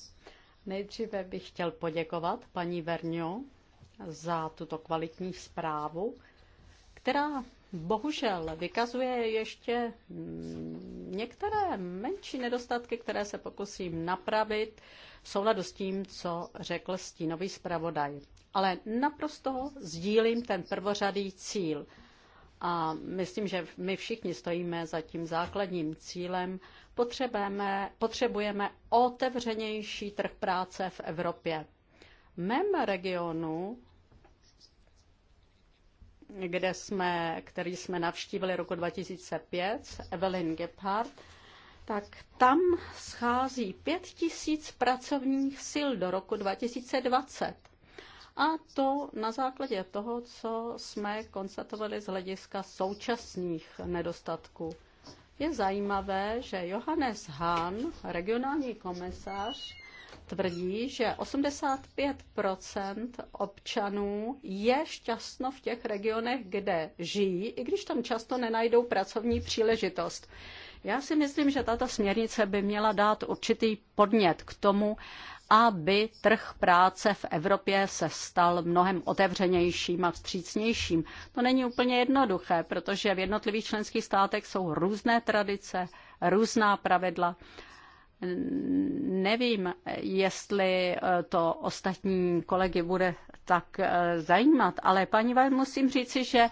Nejdříve bych chtěl poděkovat paní Vernio za tuto kvalitní zprávu, která bohužel vykazuje ještě mm, některé menší nedostatky, které se pokusím napravit v souladu s tím, co řekl stínový zpravodaj. Ale naprosto sdílím ten prvořadý cíl. A myslím, že my všichni stojíme za tím základním cílem. Potřebujeme, potřebujeme otevřenější trh práce v Evropě. V mém regionu kde jsme, který jsme navštívili roku 2005 Evelyn Gebhardt, tak tam schází 5 tisíc pracovních sil do roku 2020. A to na základě toho, co jsme konstatovali z hlediska současných nedostatků. Je zajímavé, že Johannes Hahn, regionální komisař, tvrdí, že 85 občanů je šťastno v těch regionech, kde žijí, i když tam často nenajdou pracovní příležitost. Já si myslím, že tato směrnice by měla dát určitý podnět k tomu, aby trh práce v Evropě se stal mnohem otevřenějším a vstřícnějším. To není úplně jednoduché, protože v jednotlivých členských státech jsou různé tradice, různá pravidla Nevím, jestli eh, to ostatní kolegy bude tak eh, zajímat, ale paní Vaj, musím říci, že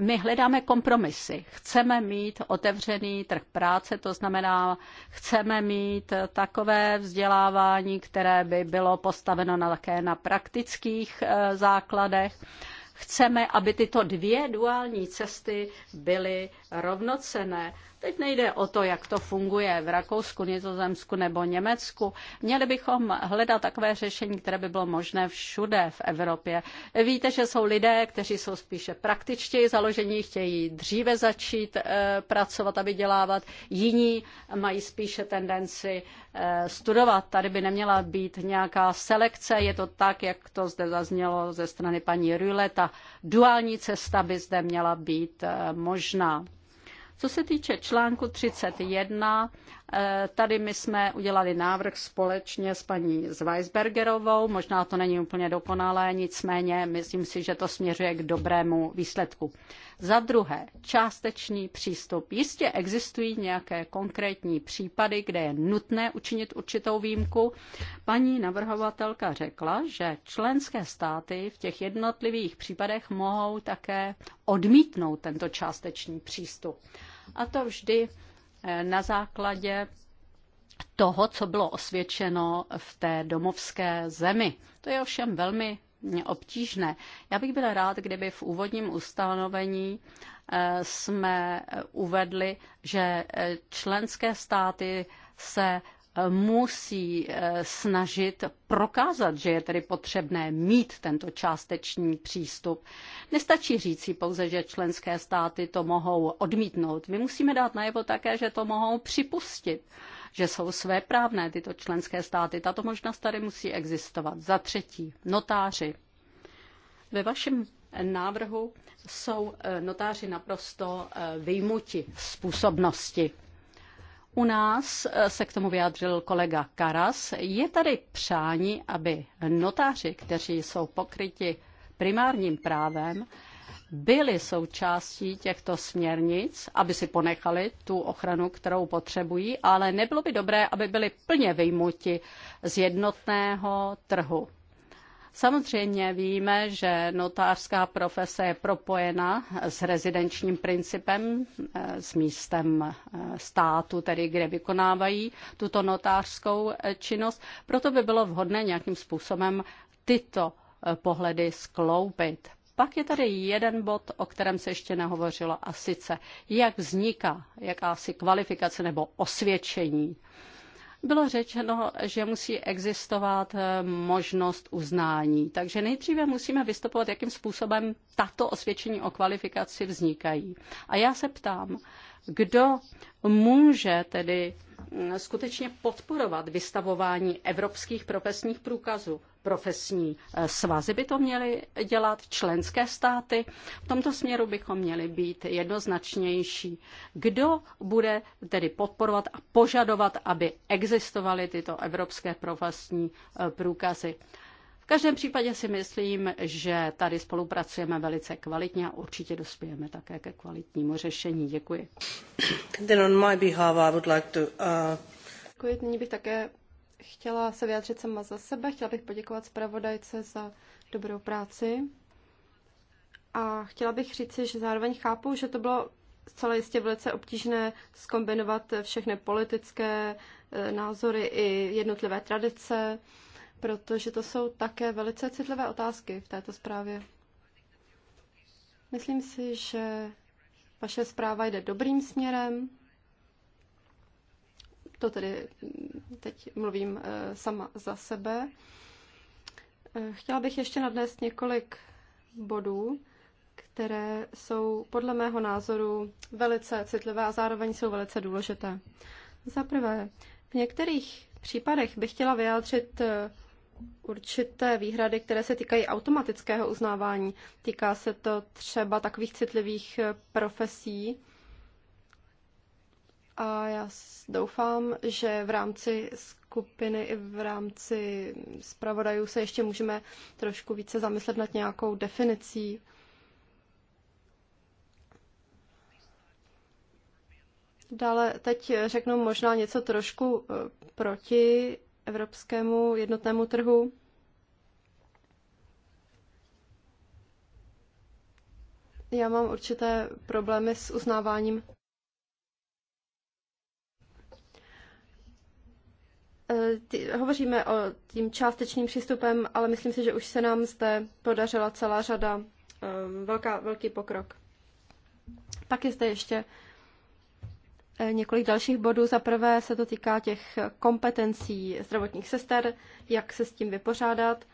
my hledáme kompromisy. Chceme mít otevřený trh práce, to znamená, chceme mít eh, takové vzdělávání, které by bylo postaveno na, také na praktických základech chceme, aby tyto dvě duální cesty byly rovnocené. Teď nejde o to, jak to funguje v Rakousku, Nizozemsku nebo Německu. Měli bychom hledat takové řešení, které by bylo možné všude v Evropě. Víte, že jsou lidé, kteří jsou spíše praktičtěji založení, chtějí dříve začít eh, pracovat a vydělávat. Jiní mají spíše tendenci eh, studovat. Tady by neměla být nějaká selekce. Je to tak, jak to zde zaznělo ze strany paní Ta Duální cesta by zde měla být eh, možná. Co se týče článku 31 Eh, tady my jsme udělali návrh společně s paní Zweisbergerovou. Možná to není úplně dokonalé, nicméně myslím si, že to směřuje k dobrému výsledku. Za druhé, částečný přístup. Jistě existují nějaké konkrétní případy, kde je nutné učinit určitou výjimku. Paní navrhovatelka řekla, že členské státy v těch jednotlivých případech mohou také odmítnout tento částečný přístup. A to vždy Eh, na základě toho, co bylo osvědčeno v té domovské zemi. To je ovšem velmi obtížné. Já bych byla rád, kdyby v úvodním ustanovení eh, jsme eh, uvedli, že členské státy se musí eh, snažit prokázat, že je tedy potřebné mít tento částečný přístup. Nestačí říci pouze, že členské státy to mohou odmítnout. My musíme dát najevo také, že to mohou připustit, že jsou své právné tyto členské státy. Tato možnost tady musí existovat. Za třetí, notáři. Ve vašem návrhu jsou eh, notáři naprosto eh, vyjmuti z působnosti u nás eh, se k tomu vyjádřil kolega Karas. Je tady přání, aby notáři, kteří jsou pokryti primárním právem, byli součástí těchto směrnic, aby si ponechali tu ochranu, kterou potřebují, ale nebylo by dobré, aby byli plně vyjmuti z jednotného trhu. Samozřejmě víme, že notářská profese je propojena s rezidenčním principem, eh, s místem eh, státu, tedy kde vykonávají tuto notářskou eh, činnost. Proto by bylo vhodné nějakým způsobem tyto pohledy skloubit. Pak je tady jeden bod, o kterém se ještě nehovořilo, a sice jak vzniká jakási kvalifikace nebo osvědčení bylo řečeno, že musí existovat eh, možnost uznání. Takže nejdříve musíme vystupovat, jakým způsobem tato osvědčení o kvalifikaci vznikají. A já se ptám, kdo může tedy skutečně podporovat vystavování evropských profesních průkazů. Profesní eh, svazy by to měly dělat, členské státy. V tomto směru bychom měli být jednoznačnější. Kdo bude tedy podporovat a požadovat, aby existovaly tyto evropské profesní eh, průkazy? každém případě si myslím, že tady spolupracujeme velice kvalitně a určitě dospějeme také ke kvalitnímu řešení. Děkuji. Then on my behalf I would like to, uh... Děkuji, nyní bych také chtěla se vyjádřit sama za sebe. Chtěla bych poděkovat zpravodajce za dobrou práci. A chtěla bych říci, že zároveň chápu, že to bylo zcela jistě velice obtížné skombinovat všechny politické eh, názory i jednotlivé tradice protože to jsou také velice citlivé otázky v této zprávě. Myslím si, že vaše zpráva jde dobrým směrem. To tedy mm, teď mluvím eh, sama za sebe. Eh, chtěla bych ještě nadnést několik bodů, které jsou podle mého názoru velice citlivé a zároveň jsou velice důležité. Za prvé, v některých případech bych chtěla vyjádřit eh, určité výhrady, které se týkají automatického uznávání. Týká se to třeba takových citlivých eh, profesí. A já doufám, že v rámci skupiny i v rámci zpravodajů se ještě můžeme trošku více zamyslet nad nějakou definicí. Dále teď řeknu možná něco trošku eh, proti evropskému jednotnému trhu. Já mám určité problémy s uznáváním. Eh, hovoříme o tím částečným přístupem, ale myslím si, že už se nám zde podařila celá řada, eh, velká, velký pokrok. Pak je zde ještě Eh, několik dalších bodů. Za prvé se to týká těch kompetencí zdravotních sester, jak se s tím vypořádat.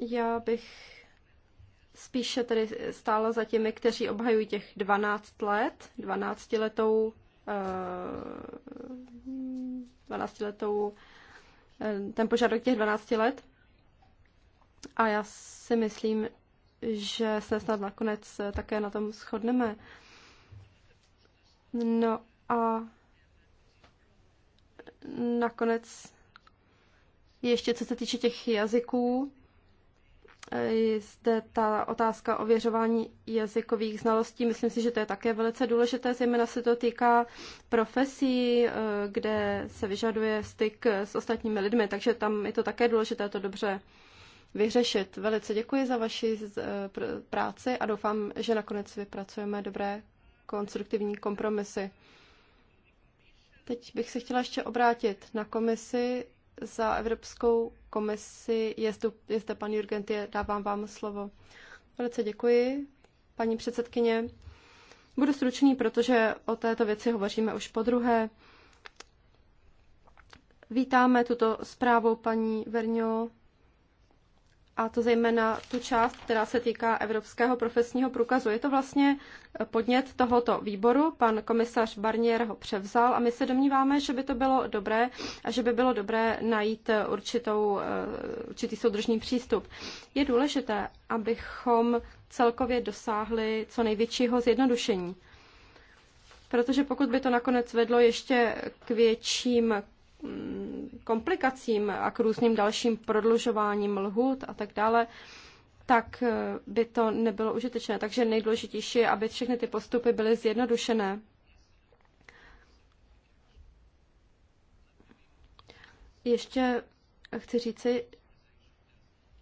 Já bych spíše tedy stála za těmi, kteří obhajují těch 12 let, 12 letou, 12 letou, ten požadavek těch 12 let. A já si myslím, že se snad nakonec také na tom shodneme. No a nakonec ještě co se týče těch jazyků, eh, zde ta otázka ověřování jazykových znalostí. Myslím si, že to je také velice důležité, zejména se to týká profesí, eh, kde se vyžaduje styk s ostatními lidmi, takže tam je to také důležité to dobře vyřešit. Velice děkuji za vaši eh, práci a doufám, že nakonec vypracujeme dobré konstruktivní kompromisy. Teď bych se chtěla ještě obrátit na komisi. Za Evropskou komisi je zde, je zde pan Jurgen, dávám vám slovo. Velice děkuji, paní předsedkyně. Budu stručný, protože o této věci hovoříme už po druhé. Vítáme tuto zprávu paní Verňo a to zejména tu část, která se týká Evropského profesního průkazu. Je to vlastně podnět tohoto výboru, pan komisař Barnier ho převzal a my se domníváme, že by to bylo dobré a že by bylo dobré najít určitou, eh, určitý soudržný přístup. Je důležité, abychom celkově dosáhli co největšího zjednodušení. Protože pokud by to nakonec vedlo ještě k větším Mm, komplikacím a k různým dalším prodlužováním lhůt a tak dále, tak eh, by to nebylo užitečné. Takže nejdůležitější je, aby všechny ty postupy byly zjednodušené. Ještě chci říci,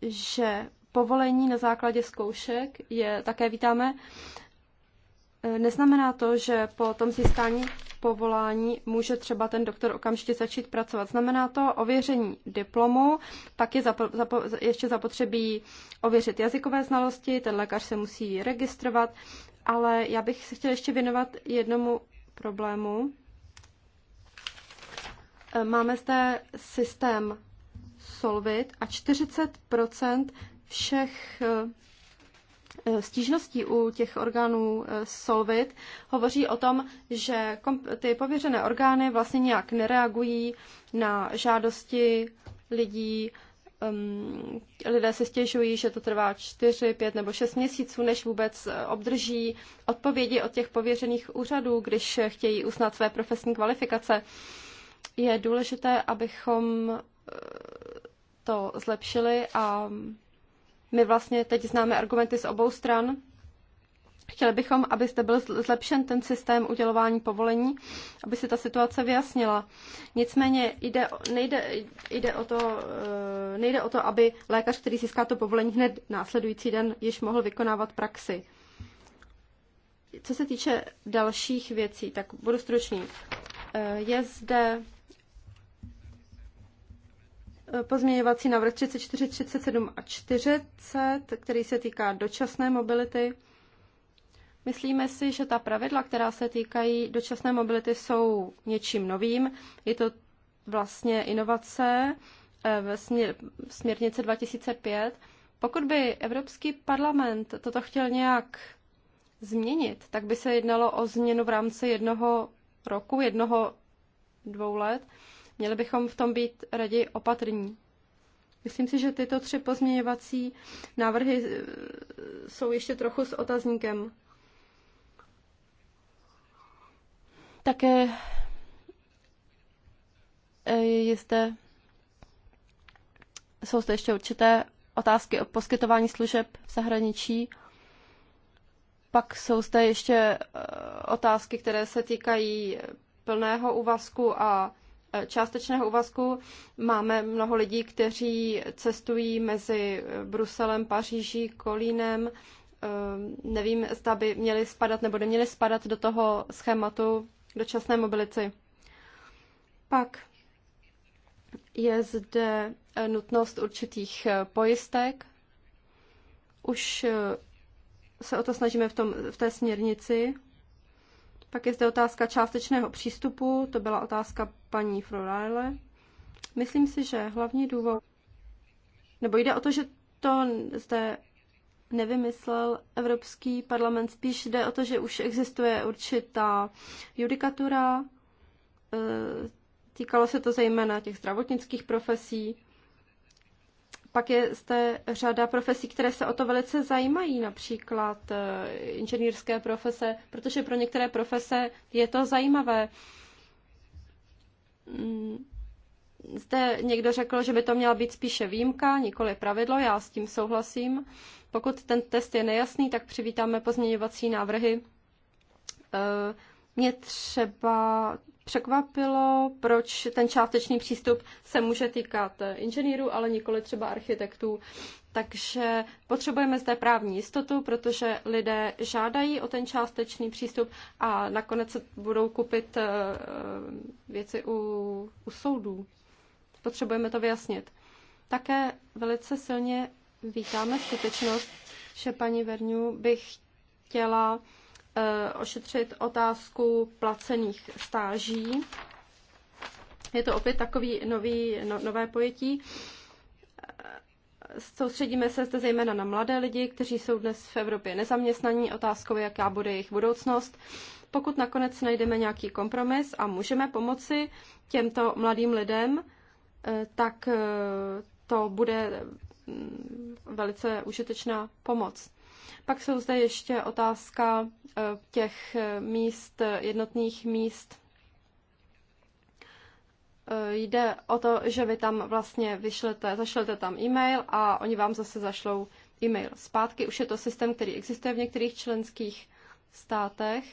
že povolení na základě zkoušek je také vítáme. Neznamená to, že po tom získání povolání může třeba ten doktor okamžitě začít pracovat. Znamená to ověření diplomu, pak je zapo- zapo- ještě zapotřebí ověřit jazykové znalosti, ten lékař se musí registrovat, ale já bych se chtěla ještě věnovat jednomu problému. E, máme zde systém Solvit a 40 všech e, Eh, stížností u těch orgánů eh, Solvit hovoří o tom, že ty pověřené orgány vlastně nějak nereagují na žádosti lidí. Um, lidé se stěžují, že to trvá 4, 5 nebo 6 měsíců, než vůbec eh, obdrží odpovědi od těch pověřených úřadů, když chtějí uznat své profesní kvalifikace. Je důležité, abychom to zlepšili a my vlastně teď známe argumenty z obou stran. Chtěli bychom, aby zde byl zlepšen ten systém udělování povolení, aby se ta situace vyjasnila. Nicméně jde, nejde, jde o to, eh, nejde o to, aby lékař, který získá to povolení hned následující den, již mohl vykonávat praxi. Co se týče dalších věcí, tak budu stručný. Eh, je zde pozměňovací návrh 34, 37 a 40, který se týká dočasné mobility. Myslíme si, že ta pravidla, která se týkají dočasné mobility, jsou něčím novým. Je to vlastně inovace eh, v směrnice 2005. Pokud by Evropský parlament toto chtěl nějak změnit, tak by se jednalo o změnu v rámci jednoho roku, jednoho, dvou let. Měli bychom v tom být raději opatrní. Myslím si, že tyto tři pozměňovací návrhy eh, jsou ještě trochu s otazníkem. Také eh, je zde, jsou zde ještě určité otázky o poskytování služeb v zahraničí. Pak jsou zde ještě eh, otázky, které se týkají plného úvazku a částečného úvazku. Máme mnoho lidí, kteří cestují mezi Bruselem, Paříží, Kolínem. Ehm, nevím, zda by měli spadat nebo neměli spadat do toho schématu dočasné mobility. Pak je zde eh, nutnost určitých eh, pojistek. Už eh, se o to snažíme v, tom, v té směrnici. Pak je zde otázka částečného přístupu, to byla otázka paní Frolajle. Myslím si, že hlavní důvod, nebo jde o to, že to zde nevymyslel Evropský parlament, spíš jde o to, že už existuje určitá judikatura, e, týkalo se to zejména těch zdravotnických profesí, pak je zde řada profesí, které se o to velice zajímají, například eh, inženýrské profese, protože pro některé profese je to zajímavé. Mm, zde někdo řekl, že by to měla být spíše výjimka, nikoli pravidlo, já s tím souhlasím. Pokud ten test je nejasný, tak přivítáme pozměňovací návrhy. Eh, mě třeba překvapilo, proč ten částečný přístup se může týkat inženýrů, ale nikoli třeba architektů. Takže potřebujeme zde právní jistotu, protože lidé žádají o ten částečný přístup a nakonec budou kupit eh, věci u, u soudů. Potřebujeme to vyjasnit. Také velice silně vítáme skutečnost, že paní Verňu bych chtěla Eh, ošetřit otázku placených stáží. Je to opět takový nový, no, nové pojetí. Eh, soustředíme se zde zejména na mladé lidi, kteří jsou dnes v Evropě nezaměstnaní. Otázkou jaká bude jejich budoucnost. Pokud nakonec najdeme nějaký kompromis a můžeme pomoci těmto mladým lidem, eh, tak to bude mm, velice užitečná pomoc. Pak jsou zde ještě otázka eh, těch eh, míst, jednotných míst. Eh, jde o to, že vy tam vlastně vyšlete, zašlete tam e-mail a oni vám zase zašlou e-mail zpátky. Už je to systém, který existuje v některých členských státech.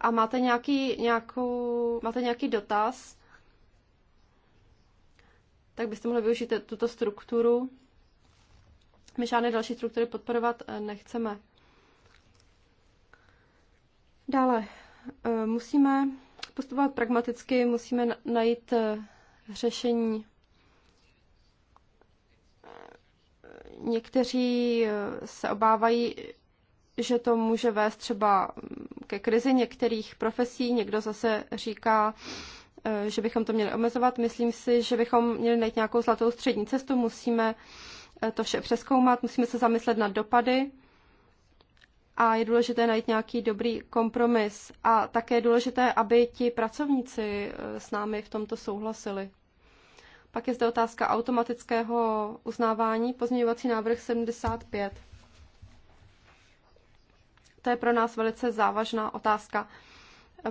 a máte nějaký, nějakou, máte nějaký dotaz, tak byste mohli využít tuto strukturu. My žádné další struktury podporovat eh, nechceme. Dále eh, musíme postupovat pragmaticky, musíme najít eh, řešení. Někteří se obávají, že to může vést třeba ke krizi některých profesí, někdo zase říká, Eh, že bychom to měli omezovat. Myslím si, že bychom měli najít nějakou zlatou střední cestu. Musíme eh, to vše přeskoumat, musíme se zamyslet nad dopady a je důležité najít nějaký dobrý kompromis. A také je důležité, aby ti pracovníci eh, s námi v tomto souhlasili. Pak je zde otázka automatického uznávání, pozměňovací návrh 75. To je pro nás velice závažná otázka.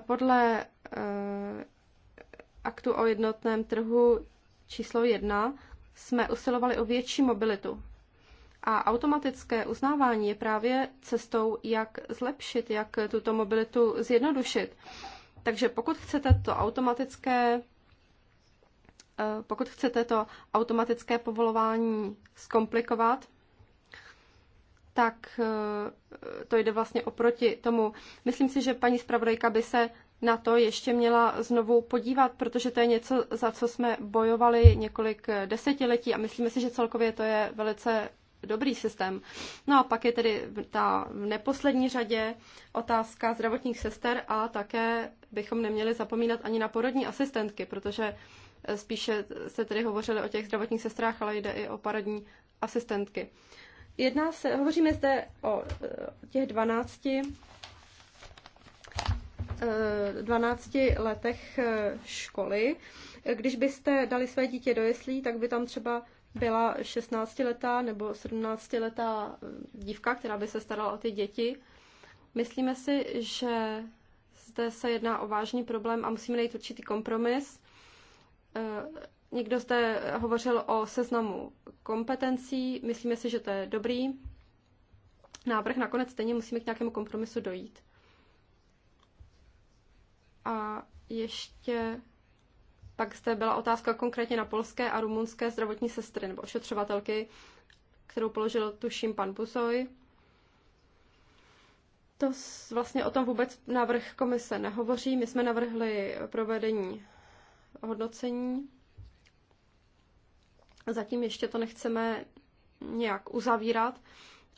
Podle aktu o jednotném trhu číslo jedna jsme usilovali o větší mobilitu. A automatické uznávání je právě cestou, jak zlepšit, jak tuto mobilitu zjednodušit. Takže pokud chcete to automatické eh, pokud chcete to automatické povolování zkomplikovat, tak eh, to jde vlastně oproti tomu. Myslím si, že paní zpravodajka by se na to ještě měla znovu podívat, protože to je něco, za co jsme bojovali několik desetiletí a myslíme si, že celkově to je velice dobrý systém. No a pak je tedy ta v neposlední řadě otázka zdravotních sester a také bychom neměli zapomínat ani na porodní asistentky, protože spíše se tedy hovořili o těch zdravotních sestrách, ale jde i o porodní asistentky. Jedná se, hovoříme zde o těch 12 12 eh, letech eh, školy. Když byste dali své dítě do jeslí, tak by tam třeba byla 16-letá nebo 17-letá eh, dívka, která by se starala o ty děti. Myslíme si, že zde se jedná o vážný problém a musíme najít určitý kompromis. Někdo zde hovořil o seznamu kompetencí. Myslíme si, že to je dobrý návrh. Nakonec stejně musíme k nějakému kompromisu dojít. A ještě pak zde byla otázka konkrétně na polské a rumunské zdravotní sestry nebo ošetřovatelky, kterou položil tuším pan Pusoj. To vlastně o tom vůbec návrh komise nehovoří. My jsme navrhli provedení hodnocení. Zatím ještě to nechceme nějak uzavírat,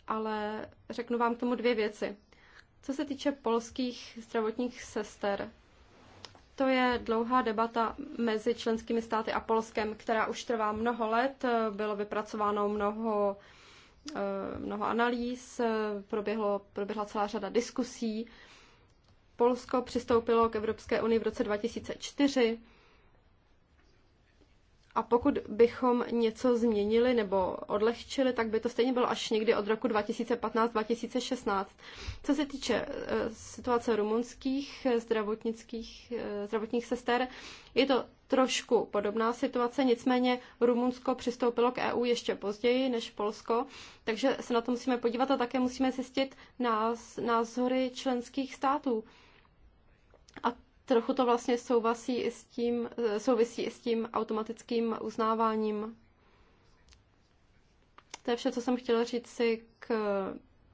ale řeknu vám k tomu dvě věci. Co se týče polských zdravotních sester, to je dlouhá debata mezi členskými státy a Polskem, která už trvá mnoho let. Bylo vypracováno mnoho, eh, mnoho analýz, proběhlo, proběhla celá řada diskusí. Polsko přistoupilo k Evropské unii v roce 2004 a pokud bychom něco změnili nebo odlehčili, tak by to stejně bylo až někdy od roku 2015-2016. Co se týče e, situace rumunských e, zdravotnických, e, zdravotních sester, je to trošku podobná situace, nicméně Rumunsko přistoupilo k EU ještě později než Polsko, takže se na to musíme podívat a také musíme zjistit názory členských států. A Trochu to vlastně souvisí i s tím, e, souvisí i s tím automatickým uznáváním. To je vše, co jsem chtěla říct si k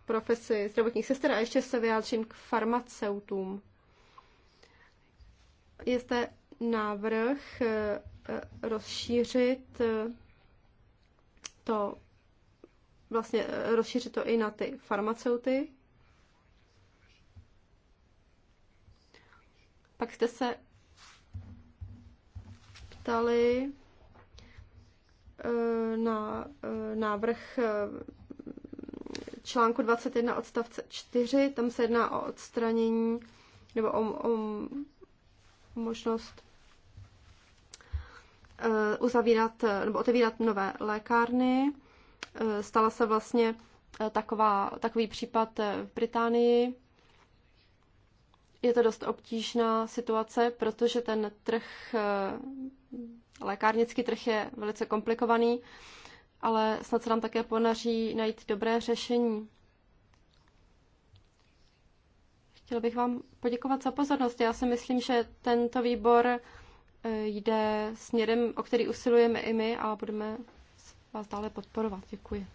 profesi zdravotních sester a ještě se vyjádřím k farmaceutům. Je zde návrh e, e, rozšířit to vlastně rozšířit to i na ty farmaceuty, Pak jste se ptali eh, na eh, návrh eh, článku 21 odstavce 4. Tam se jedná o odstranění nebo o, o možnost uzavírat nebo otevírat nové lékárny. Stala se vlastně taková, takový případ v Británii je to dost obtížná situace, protože ten trh, eh, lékárnický trh je velice komplikovaný, ale snad se nám také ponaří najít dobré řešení. Chtěla bych vám poděkovat za pozornost. Já si myslím, že tento výbor eh, jde směrem, o který usilujeme i my a budeme vás dále podporovat. Děkuji.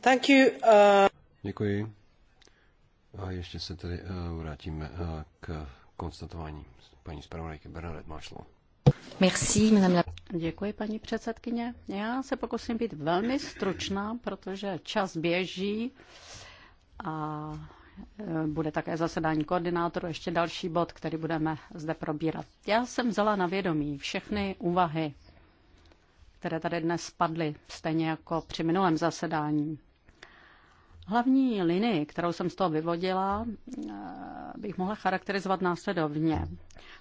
Thank you. Uh... Děkuji. A ještě se tedy uh, vrátíme uh, k konstatování paní zpravodajky Bernadet Mášlo. Merci, madame la... Děkuji, paní předsedkyně. Já se pokusím být velmi stručná, protože čas běží a eh, bude také zasedání koordinátoru, ještě další bod, který budeme zde probírat. Já jsem vzala na vědomí všechny úvahy, které tady dnes padly, stejně jako při minulém zasedání. Hlavní linii, kterou jsem z toho vyvodila, eh, bych mohla charakterizovat následovně.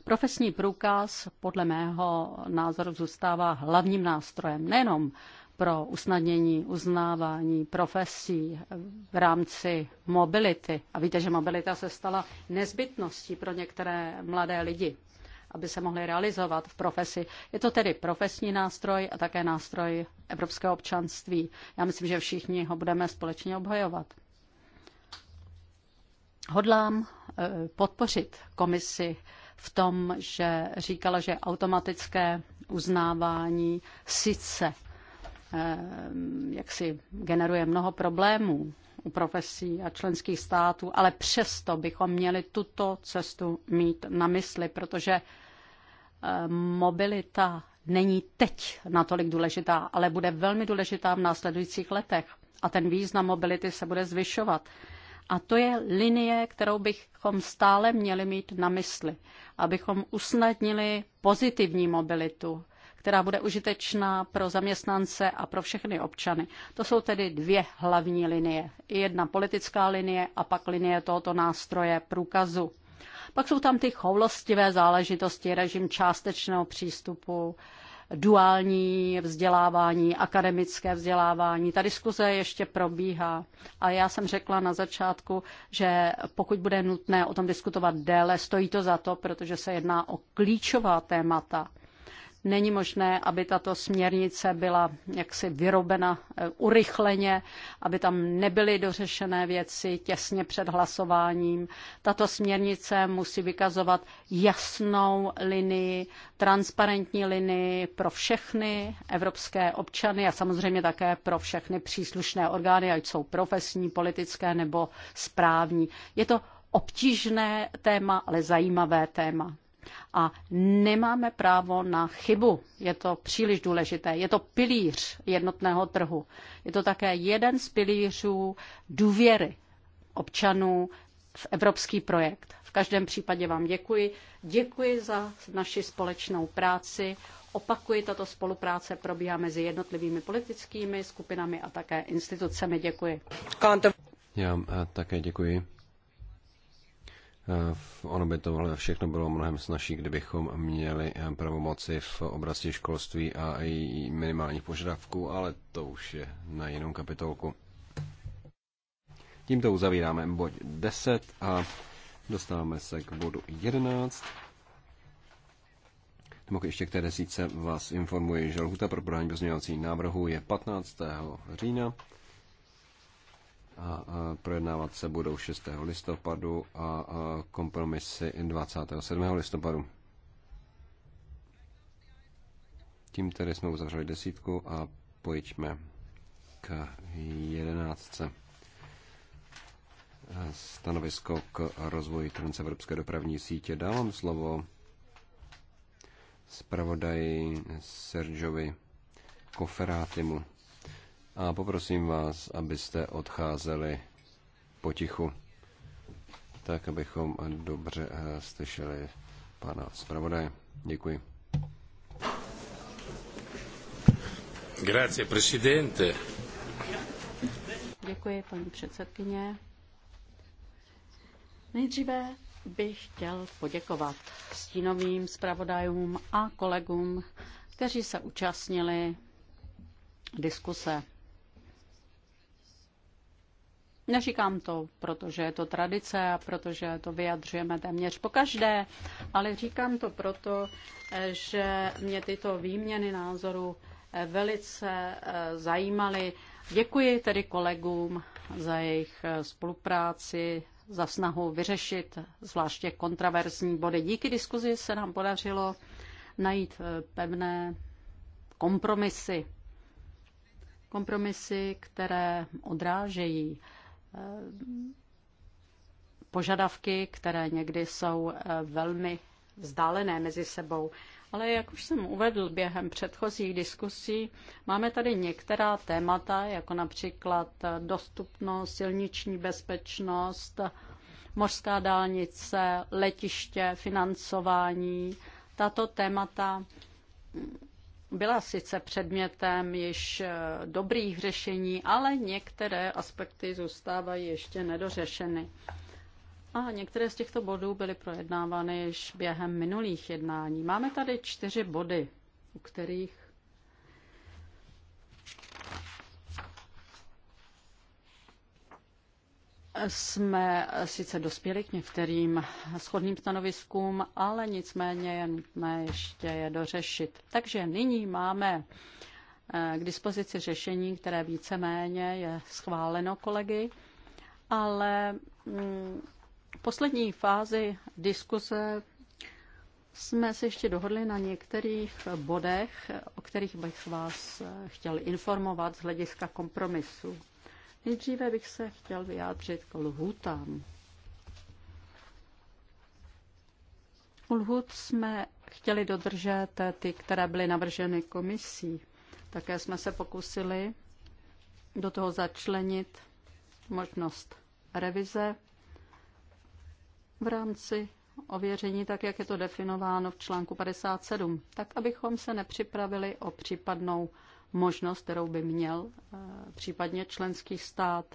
Profesní průkaz podle mého názoru zůstává hlavním nástrojem nejenom pro usnadnění uznávání profesí v rámci mobility. A víte, že mobilita se stala nezbytností pro některé mladé lidi aby se mohli realizovat v profesi. Je to tedy profesní nástroj a také nástroj evropského občanství. Já myslím, že všichni ho budeme společně obhajovat. Hodlám e, podpořit komisi v tom, že říkala, že automatické uznávání sice e, jak si generuje mnoho problémů profesí a členských států, ale přesto bychom měli tuto cestu mít na mysli, protože eh, mobilita není teď natolik důležitá, ale bude velmi důležitá v následujících letech. A ten význam mobility se bude zvyšovat. A to je linie, kterou bychom stále měli mít na mysli, abychom usnadnili pozitivní mobilitu, která bude užitečná pro zaměstnance a pro všechny občany. To jsou tedy dvě hlavní linie. Jedna politická linie a pak linie tohoto nástroje průkazu. Pak jsou tam ty choulostivé záležitosti, režim částečného přístupu, duální vzdělávání, akademické vzdělávání. Ta diskuze ještě probíhá. A já jsem řekla na začátku, že pokud bude nutné o tom diskutovat déle, stojí to za to, protože se jedná o klíčová témata. Není možné, aby tato směrnice byla jaksi vyrobena eh, urychleně, aby tam nebyly dořešené věci těsně před hlasováním. Tato směrnice musí vykazovat jasnou linii, transparentní linii pro všechny evropské občany a samozřejmě také pro všechny příslušné orgány, ať jsou profesní, politické nebo správní. Je to obtížné téma, ale zajímavé téma a nemáme právo na chybu. Je to příliš důležité. Je to pilíř jednotného trhu. Je to také jeden z pilířů důvěry občanů v evropský projekt. V každém případě vám děkuji. Děkuji za naši společnou práci. Opakuji, tato spolupráce probíhá mezi jednotlivými politickými skupinami a také institucemi. Děkuji. Já eh, také děkuji. Eh, ono by to všechno bylo mnohem snažší, kdybychom měli eh, pravomoci v oblasti školství a i minimálních požadavků, ale to už je na jinou kapitolku. Tímto uzavíráme bod 10 a dostáváme se k bodu 11. Nebo ještě k té desíce vás informuji, že lhuta pro podání pozměňovacích návrhů je 15. října a projednávat se budou 6. listopadu a kompromisy 27. listopadu. Tím tedy jsme uzavřeli desítku a pojďme k jedenáctce. Stanovisko k rozvoji transevropské dopravní sítě. Dávám slovo zpravodaji Sergiovi Koferátimu a poprosím vás, abyste odcházeli potichu, tak abychom dobře eh, slyšeli pana zpravodaje. Děkuji. Grazie, presidente. Děkuji, paní předsedkyně. Nejdříve bych chtěl poděkovat stínovým zpravodajům a kolegům, kteří se účastnili diskuse Neříkám to, protože je to tradice a protože to vyjadřujeme téměř po každé, ale říkám to proto, že mě tyto výměny názorů eh, velice eh, zajímaly. Děkuji tedy kolegům za jejich eh, spolupráci, za snahu vyřešit zvláště kontraverzní body. Díky diskuzi se nám podařilo najít pevné kompromisy. Kompromisy, které odrážejí požadavky, které někdy jsou eh, velmi vzdálené mezi sebou. Ale jak už jsem uvedl během předchozích diskusí, máme tady některá témata, jako například eh, dostupnost, silniční bezpečnost, mořská dálnice, letiště, financování. Tato témata byla sice předmětem již eh, dobrých řešení, ale některé aspekty zůstávají ještě nedořešeny. A některé z těchto bodů byly projednávány již během minulých jednání. Máme tady čtyři body, u kterých jsme sice dospěli k některým shodným stanoviskům, ale nicméně je nutné ještě je dořešit. Takže nyní máme eh, k dispozici řešení, které víceméně je schváleno kolegy, ale mm, v poslední fázi diskuse jsme se ještě dohodli na některých bodech, o kterých bych vás eh, chtěl informovat z hlediska kompromisu. Nejdříve bych se chtěl vyjádřit k lhutám. Lhut jsme chtěli dodržet ty, které byly navrženy komisí. Také jsme se pokusili do toho začlenit možnost revize v rámci ověření, tak jak je to definováno v článku 57, tak abychom se nepřipravili o případnou možnost, kterou by měl eh, případně členský stát.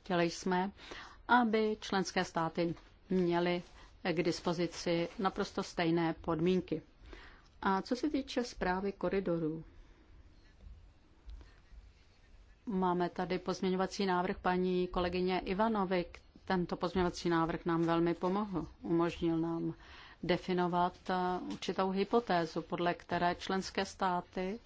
Chtěli jsme, aby členské státy měly k dispozici naprosto stejné podmínky. A co se týče zprávy koridorů, máme tady pozměňovací návrh paní kolegyně Ivanovy. Tento pozměňovací návrh nám velmi pomohl. Umožnil nám definovat eh, určitou hypotézu, podle které členské státy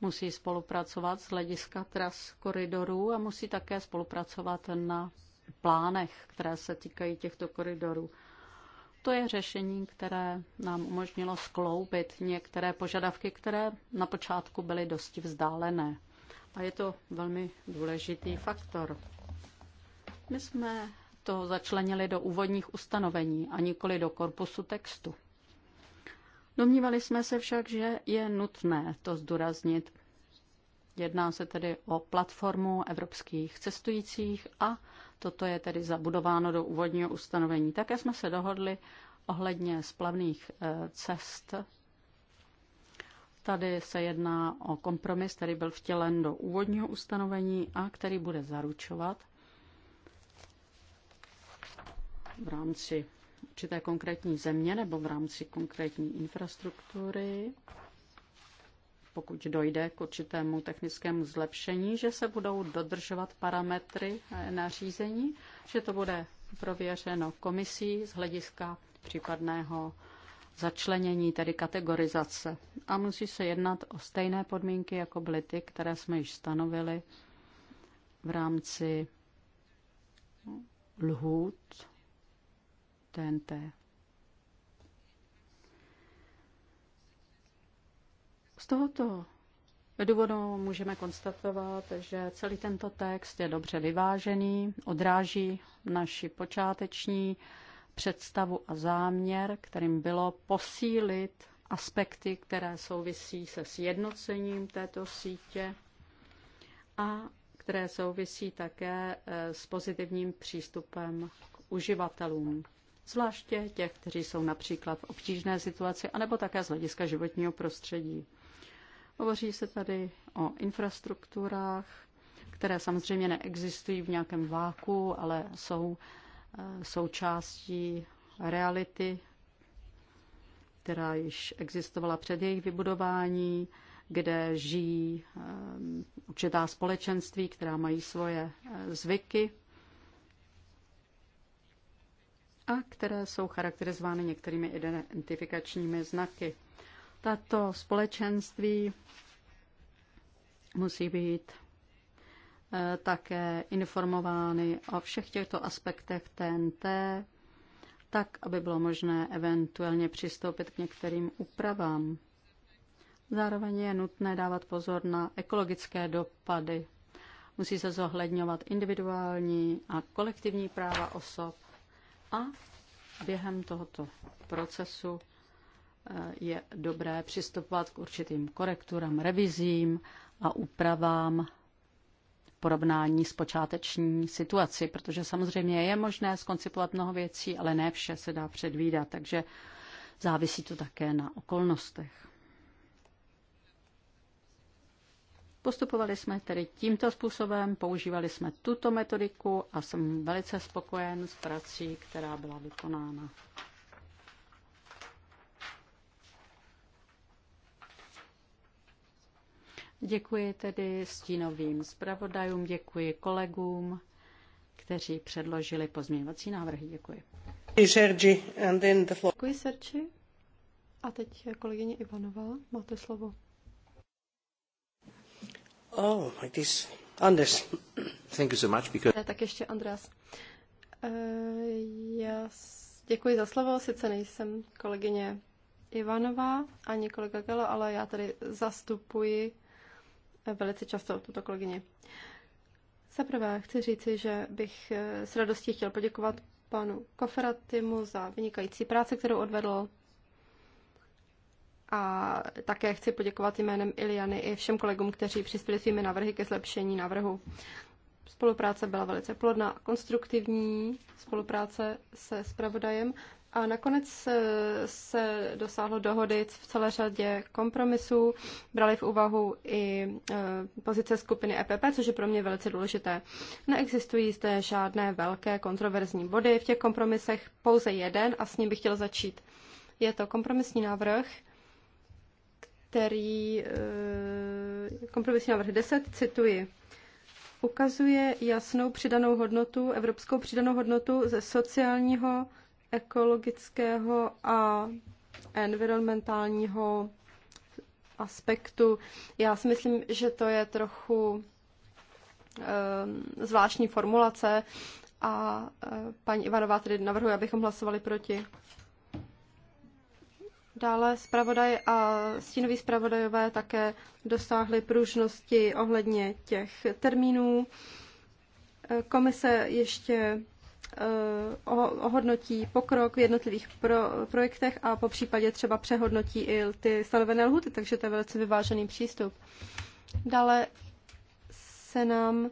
musí spolupracovat z hlediska tras koridorů a musí také spolupracovat na plánech, které se týkají těchto koridorů. To je řešení, které nám umožnilo skloubit některé požadavky, které na počátku byly dosti vzdálené. A je to velmi důležitý faktor. My jsme to začlenili do úvodních ustanovení a nikoli do korpusu textu. Domnívali jsme se však, že je nutné to zdůraznit. Jedná se tedy o platformu evropských cestujících a toto je tedy zabudováno do úvodního ustanovení. Také jsme se dohodli ohledně splavných eh, cest. Tady se jedná o kompromis, který byl vtělen do úvodního ustanovení a který bude zaručovat, v rámci určité konkrétní země nebo v rámci konkrétní infrastruktury, pokud dojde k určitému technickému zlepšení, že se budou dodržovat parametry eh, nařízení, že to bude prověřeno komisí z hlediska případného začlenění, tedy kategorizace. A musí se jednat o stejné podmínky, jako byly ty, které jsme již stanovili v rámci lhůt TNT. Z tohoto důvodu můžeme konstatovat, že celý tento text je dobře vyvážený, odráží naši počáteční představu a záměr, kterým bylo posílit aspekty, které souvisí se sjednocením této sítě a které souvisí také eh, s pozitivním přístupem k uživatelům zvláště těch, kteří jsou například v obtížné situaci, anebo také z hlediska životního prostředí. Hovoří se tady o infrastrukturách, které samozřejmě neexistují v nějakém váku, ale jsou eh, součástí reality, která již existovala před jejich vybudování, kde žijí eh, určitá společenství, která mají svoje eh, zvyky a které jsou charakterizovány některými identifikačními znaky. Tato společenství musí být eh, také informovány o všech těchto aspektech TNT, tak, aby bylo možné eventuálně přistoupit k některým úpravám. Zároveň je nutné dávat pozor na ekologické dopady. Musí se zohledňovat individuální a kolektivní práva osob a během tohoto procesu eh, je dobré přistupovat k určitým korekturám, revizím a úpravám porovnání s počáteční situací, protože samozřejmě je možné skoncipovat mnoho věcí, ale ne vše se dá předvídat, takže závisí to také na okolnostech. Postupovali jsme tedy tímto způsobem, používali jsme tuto metodiku a jsem velice spokojen s prací, která byla vykonána. Děkuji tedy stínovým zpravodajům, děkuji kolegům, kteří předložili pozměňovací návrhy. Děkuji. Děkuji, Serči. A teď eh, kolegyně Ivanová, máte slovo. Oh, Anders. Thank you so much, because... Eh, tak ještě Andreas. Uh, já děkuji za slovo, sice nejsem kolegyně Ivanová ani kolega Gelo, ale já tady zastupuji eh, velice často tuto kolegyni. Za prvé chci říci, že bych s radostí chtěl poděkovat panu Koferatimu za vynikající práci, kterou odvedl a také chci poděkovat jménem Iliany i všem kolegům, kteří přispěli svými návrhy ke zlepšení návrhu. Spolupráce byla velice plodná a konstruktivní, spolupráce se spravodajem a nakonec eh, se dosáhlo dohody v celé řadě kompromisů. Brali v úvahu i eh, pozice skupiny EPP, což je pro mě velice důležité. Neexistují zde žádné velké kontroverzní body. V těch kompromisech pouze jeden a s ním bych chtěl začít. Je to kompromisní návrh, který, eh, kompromisní návrh 10, cituji, ukazuje jasnou přidanou hodnotu, evropskou přidanou hodnotu ze sociálního, ekologického a environmentálního aspektu. Já si myslím, že to je trochu eh, zvláštní formulace a eh, paní Ivanová tedy navrhuje, abychom hlasovali proti. Dále zpravodaj a stínoví zpravodajové také dosáhli pružnosti ohledně těch termínů. Komise ještě eh, ohodnotí pokrok v jednotlivých pro, projektech a po případě třeba přehodnotí i ty stanovené lhuty, takže to je velice vyvážený přístup. Dále se nám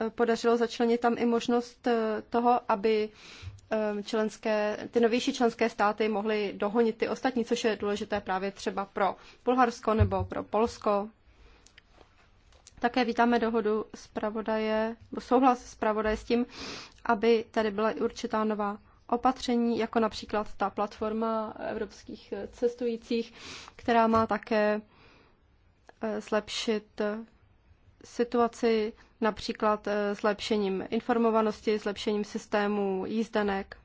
eh, podařilo začlenit tam i možnost eh, toho, aby Ehm, členské, ty novější členské státy mohly dohonit ty ostatní, což je důležité právě třeba pro Bulharsko nebo pro Polsko. Také vítáme dohodu zpravodaje, souhlas zpravodaje s tím, aby tady byla i určitá nová opatření, jako například ta platforma evropských cestujících, která má také eh, zlepšit eh, situaci například eh, zlepšením informovanosti, zlepšením systému jízdenek.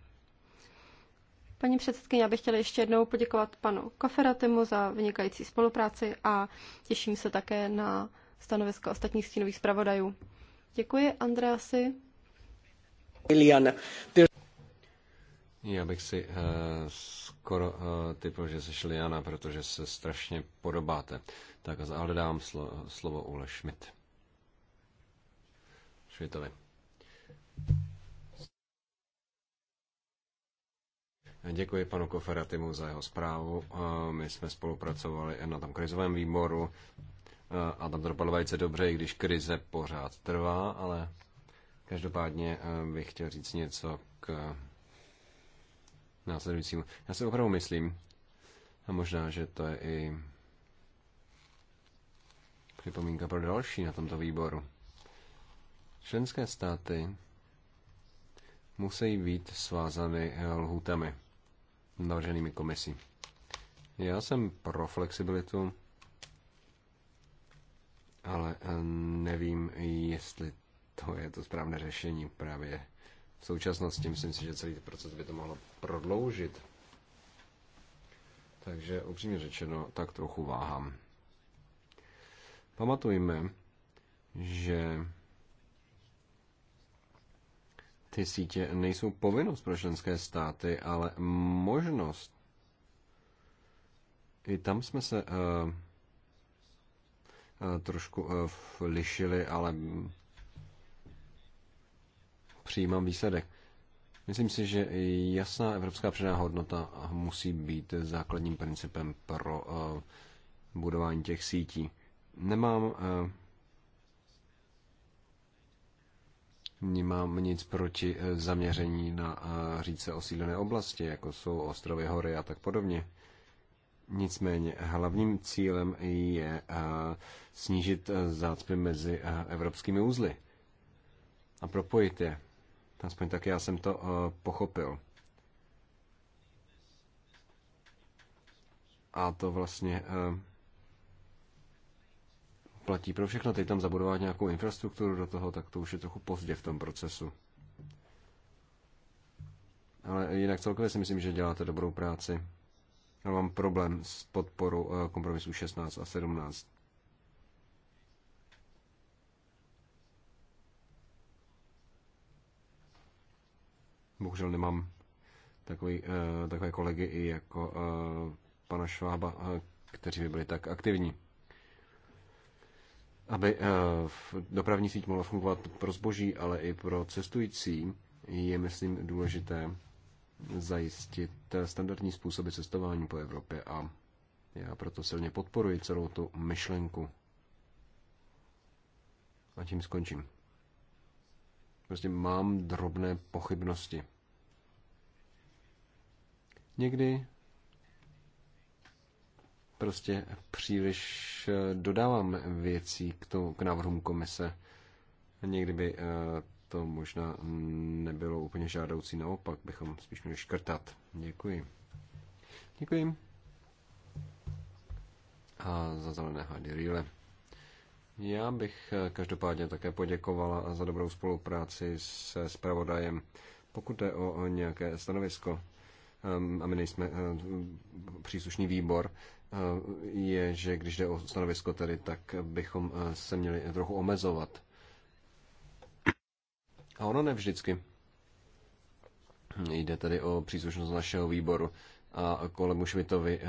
Paní předsedkyně, já bych chtěla ještě jednou poděkovat panu Koferatimu za vynikající spolupráci a těším se také na stanoviska ostatních stínových zpravodajů. Děkuji, Andreasi. Iliana. Já bych si uh, skoro uh, typl, že jsi Liana, protože se strašně podobáte. Tak a dám slo- slovo Ule Schmidt. Švitovi. Děkuji panu Koferatimu za jeho zprávu. My jsme spolupracovali na tom krizovém výboru a tam to dopadlo velice dobře, i když krize pořád trvá, ale každopádně eh, bych chtěl říct něco k následujícímu. Já si opravdu myslím, a možná, že to je i připomínka pro další na tomto výboru. Členské státy musí být svázany eh, lhutami navrženými komisí. Já jsem pro flexibilitu, ale eh, nevím, jestli to je to správné řešení právě v současnosti. Myslím si, že celý proces by to mohlo prodloužit. Takže upřímně řečeno, tak trochu váhám. Pamatujme, že ty sítě nejsou povinnost pro členské státy, ale možnost. I tam jsme se uh, uh, trošku uh, lišili, ale přijímám výsledek. Myslím si, že jasná evropská přidaná hodnota musí být základním principem pro budování těch sítí. Nemám Nemám nic proti eh, zaměření na eh, říce osídlené oblasti, jako jsou ostrovy, hory a tak podobně. Nicméně hlavním cílem je eh, snížit zácpy mezi evropskými úzly a propojit je. Aspoň tak já jsem to pochopil. A to vlastně platí pro všechno. Teď tam zabudovat nějakou infrastrukturu do toho, tak to už je trochu pozdě v tom procesu. Ale jinak celkově si myslím, že děláte dobrou práci. Já mám problém s podporou eh, kompromisu 16 a 17. Bohužel nemám takový, eh, takové kolegy i jako eh, pana Švába, kteří by byli tak aktivní aby eh, dopravní síť mohla fungovat pro zboží, ale i pro cestující, je, myslím, důležité zajistit standardní způsoby cestování po Evropě a já proto silně podporuji celou tu myšlenku. A tím skončím. Prostě mám drobné pochybnosti. Někdy prostě příliš eh, dodávám věcí k, tomu, k návrhům komise. Někdy by eh, to možná nebylo úplně žádoucí, naopak bychom spíš měli škrtat. Děkuji. Děkuji. A za zelené hady rýle. Já bych eh, každopádně také poděkovala za dobrou spolupráci se zpravodajem. Pokud je o nějaké stanovisko, ehm, a my nejsme příslušný výbor, Eh, je, že když jde o stanovisko tedy, tak bychom eh, se měli trochu omezovat. A ono ne vždycky. Jde tedy o příslušnost našeho výboru a kolem mi to eh,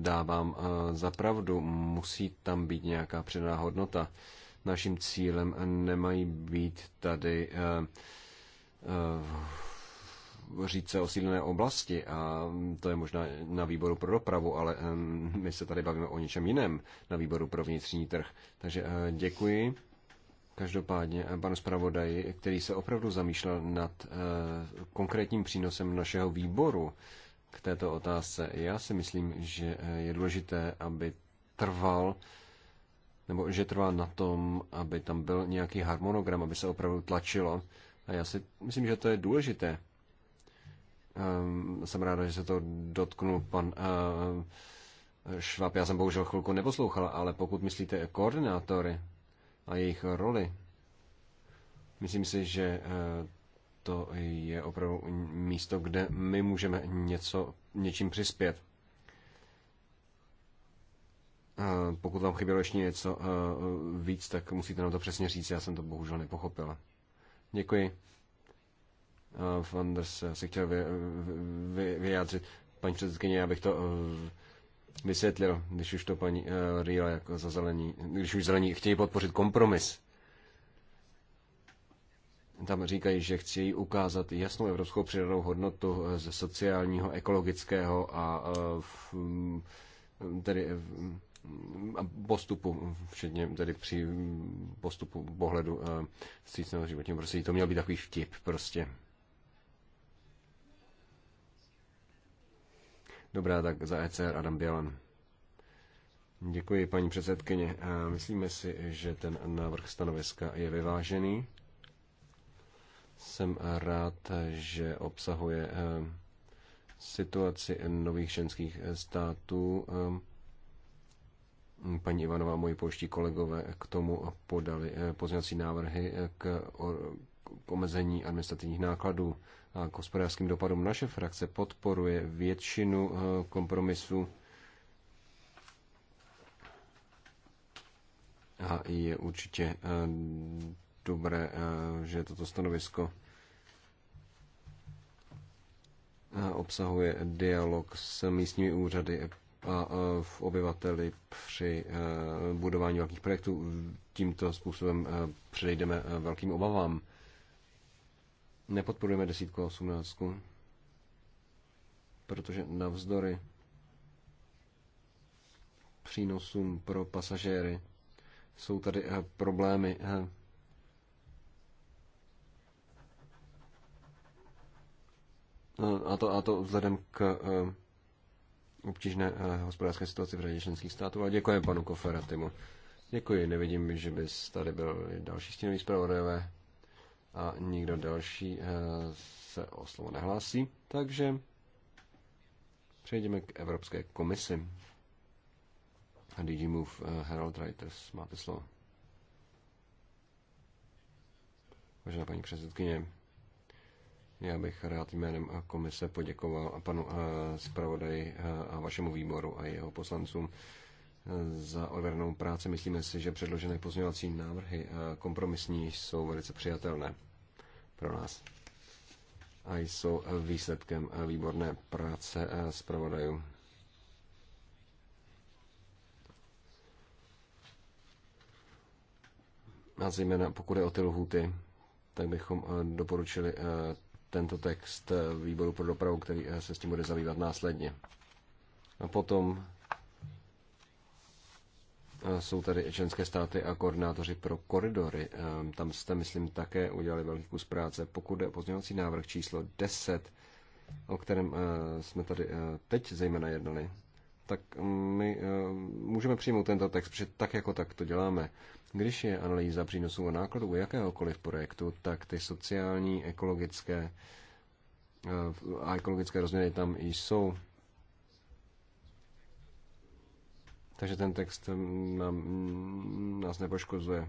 dávám za pravdu, musí tam být nějaká přidaná hodnota. Naším cílem nemají být tady hovořit se o sídlené oblasti a to je možná na výboru pro dopravu, ale my se tady bavíme o něčem jiném na výboru pro vnitřní trh. Takže eh, děkuji každopádně eh, panu zpravodaji, který se opravdu zamýšlel nad eh, konkrétním přínosem našeho výboru k této otázce. Já si myslím, že je důležité, aby trval nebo že trvá na tom, aby tam byl nějaký harmonogram, aby se opravdu tlačilo. A já si myslím, že to je důležité. Ehm, jsem ráda, že se to dotknul pan ehm, Švab. Já jsem bohužel chvilku neposlouchala, ale pokud myslíte koordinátory a jejich roli, myslím si, že eh, to je opravdu místo, kde my můžeme něco, něčím přispět. Ehm, pokud vám chybělo ještě něco eh, víc, tak musíte nám to přesně říct, já jsem to bohužel nepochopila. Děkuji. Vanders se chtěl vy, vy, vyjádřit. Paní předsedkyně, já bych to eh, vysvětlil, když už to paní eh, Rýla jako za zelení, když už zelení chtějí podpořit kompromis. Tam říkají, že chtějí ukázat jasnou evropskou přidanou hodnotu eh, ze sociálního, ekologického a v, mm, tedy postupu, včetně tedy při mm, postupu pohledu střícného životního prostředí. To měl být takový vtip prostě. Dobrá, tak za ECR Adam Bělan. Děkuji, paní předsedkyně. Myslíme si, že ten návrh stanoviska je vyvážený. Jsem rád, že obsahuje eh, situaci nových ženských států. Eh, paní Ivanová moji poští kolegové k tomu podali eh, pozměňovací návrhy k k omezení administrativních nákladů a k hospodářským dopadům. Naše frakce podporuje většinu eh, kompromisu a je určitě eh, dobré, eh, že toto stanovisko obsahuje dialog s místními úřady a v obyvateli při budování velkých projektů. Tímto způsobem přejdeme velkým obavám nepodporujeme desítku a osmnáctku, protože navzdory přínosům pro pasažéry jsou tady eh, problémy eh, eh, A to, a to vzhledem k obtížné hospodářské situaci v řadě členských států. A děkuji panu Koferatimu. Děkuji, nevidím, že bys tady byl další stínový zpravodajové a nikdo další eh, se o slovo nehlásí, takže přejdeme k Evropské komisi. A DG Move eh, Herald Writers, máte slovo. Vážená paní předsedkyně, já bych rád jménem komise poděkoval panu eh, zpravodaji a vašemu výboru a jeho poslancům za odvedenou práci. Myslíme si, že předložené pozměňovací návrhy kompromisní jsou velice přijatelné pro nás a jsou výsledkem výborné práce zpravodajů. A zejména pokud je o ty lhuty, tak bychom eh, doporučili eh, tento text eh, výboru pro dopravu, který se s tím bude zabývat následně. A potom jsou tady členské státy a koordinátoři pro koridory. Ehm, tam jste, myslím, také udělali velký kus práce. Pokud jde o pozměňovací návrh číslo 10, o kterém eh, jsme tady eh, teď zejména jednali, tak my eh, můžeme přijmout tento text, protože tak jako tak to děláme. Když je analýza přínosů a nákladů u jakéhokoliv projektu, tak ty sociální, ekologické a ekologické rozměry tam jsou Takže ten text nám, nás nepoškozuje.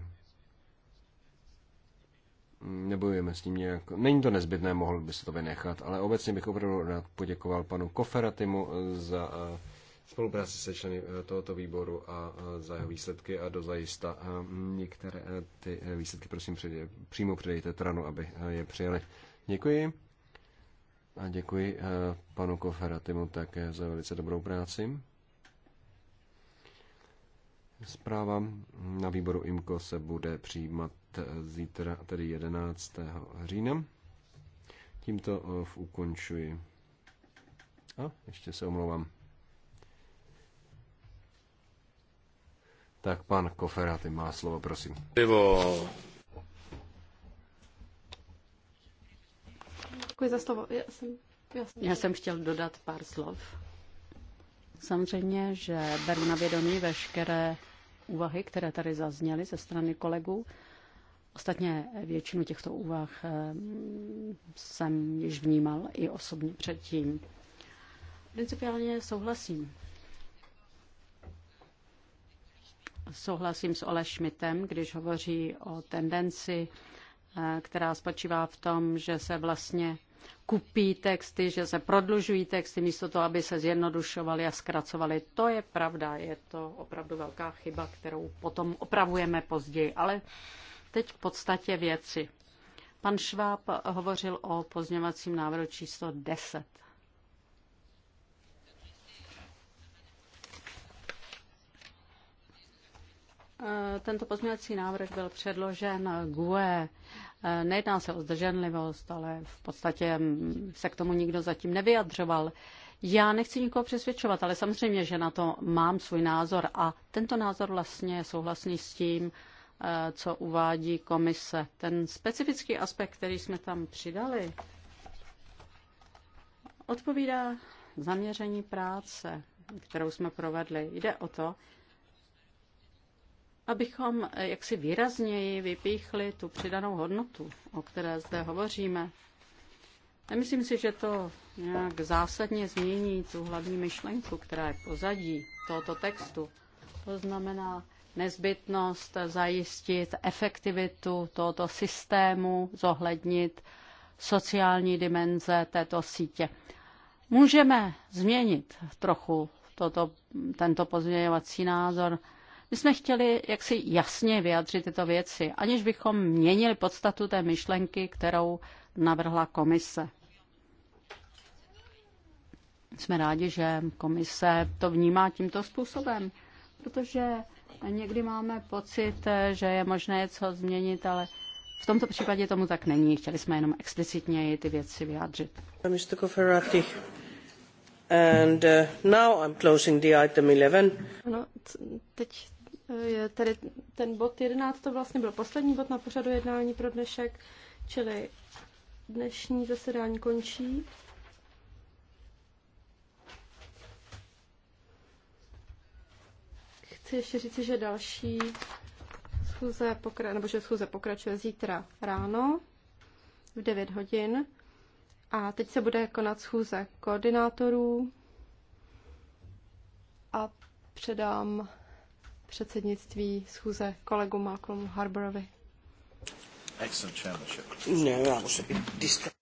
Nebojujeme s ním nějak. Není to nezbytné, mohl by se to vynechat, ale obecně bych opravdu rád poděkoval panu Koferatimu za eh, spolupráci se členy eh, tohoto výboru a eh, za jeho výsledky a zajista některé ty výsledky prosím přijde, přímo předejte Tranu, aby je přijali. Děkuji. A děkuji panu Koferatimu také za velice dobrou práci. Zpráva na výboru IMCO se bude přijímat zítra, tedy 11. října. Tímto eh, v ukončuji. A ještě se omlouvám. Tak pan Koferáty má slovo, prosím. Pivo. Děkuji za slovo. Já jsem, já jsem, já jsem chtěl dodat pár slov Samozřejmě, že beru na vědomí veškeré úvahy, které tady zazněly ze strany kolegů. Ostatně většinu těchto úvah eh, jsem již vnímal i osobně předtím. Principiálně souhlasím. Souhlasím s Ole Schmidtem, když hovoří o tendenci, eh, která spočívá v tom, že se vlastně kupí texty, že se prodlužují texty místo toho, aby se zjednodušovaly a zkracovaly. To je pravda, je to opravdu velká chyba, kterou potom opravujeme později. Ale teď v podstatě věci. Pan Šváb hovořil o pozněvacím návrhu číslo 10. Tento pozměňovací návrh byl předložen GUE Eh, nejedná se o zdrženlivost, ale v podstatě mm, se k tomu nikdo zatím nevyjadřoval. Já nechci nikoho přesvědčovat, ale samozřejmě, že na to mám svůj názor a tento názor vlastně je souhlasný s tím, eh, co uvádí komise. Ten specifický aspekt, který jsme tam přidali, odpovídá zaměření práce, kterou jsme provedli. Jde o to, abychom eh, jaksi výrazněji vypíchli tu přidanou hodnotu, o které zde hovoříme. Nemyslím si, že to nějak zásadně změní tu hlavní myšlenku, která je pozadí tohoto textu. To znamená nezbytnost zajistit efektivitu tohoto systému, zohlednit sociální dimenze této sítě. Můžeme změnit trochu toto, tento pozměňovací názor. My jsme chtěli jaksi jasně vyjadřit tyto věci, aniž bychom měnili podstatu té myšlenky, kterou navrhla komise. Jsme rádi, že komise to vnímá tímto způsobem, protože někdy máme pocit, že je možné něco změnit, ale v tomto případě tomu tak není. Chtěli jsme jenom explicitně ty věci vyjádřit. And uh, now I'm closing the item 11. No, teď je tedy ten bod 11, to vlastně byl poslední bod na pořadu jednání pro dnešek, čili dnešní zasedání končí. Chci ještě říct, že další schůze, pokra- nebo že schůze pokračuje zítra ráno v 9 hodin. A teď se bude konat schůze koordinátorů a předám předsednictví schůze kolegu Malcolmu Harborovi. Excellent chairmanship. No,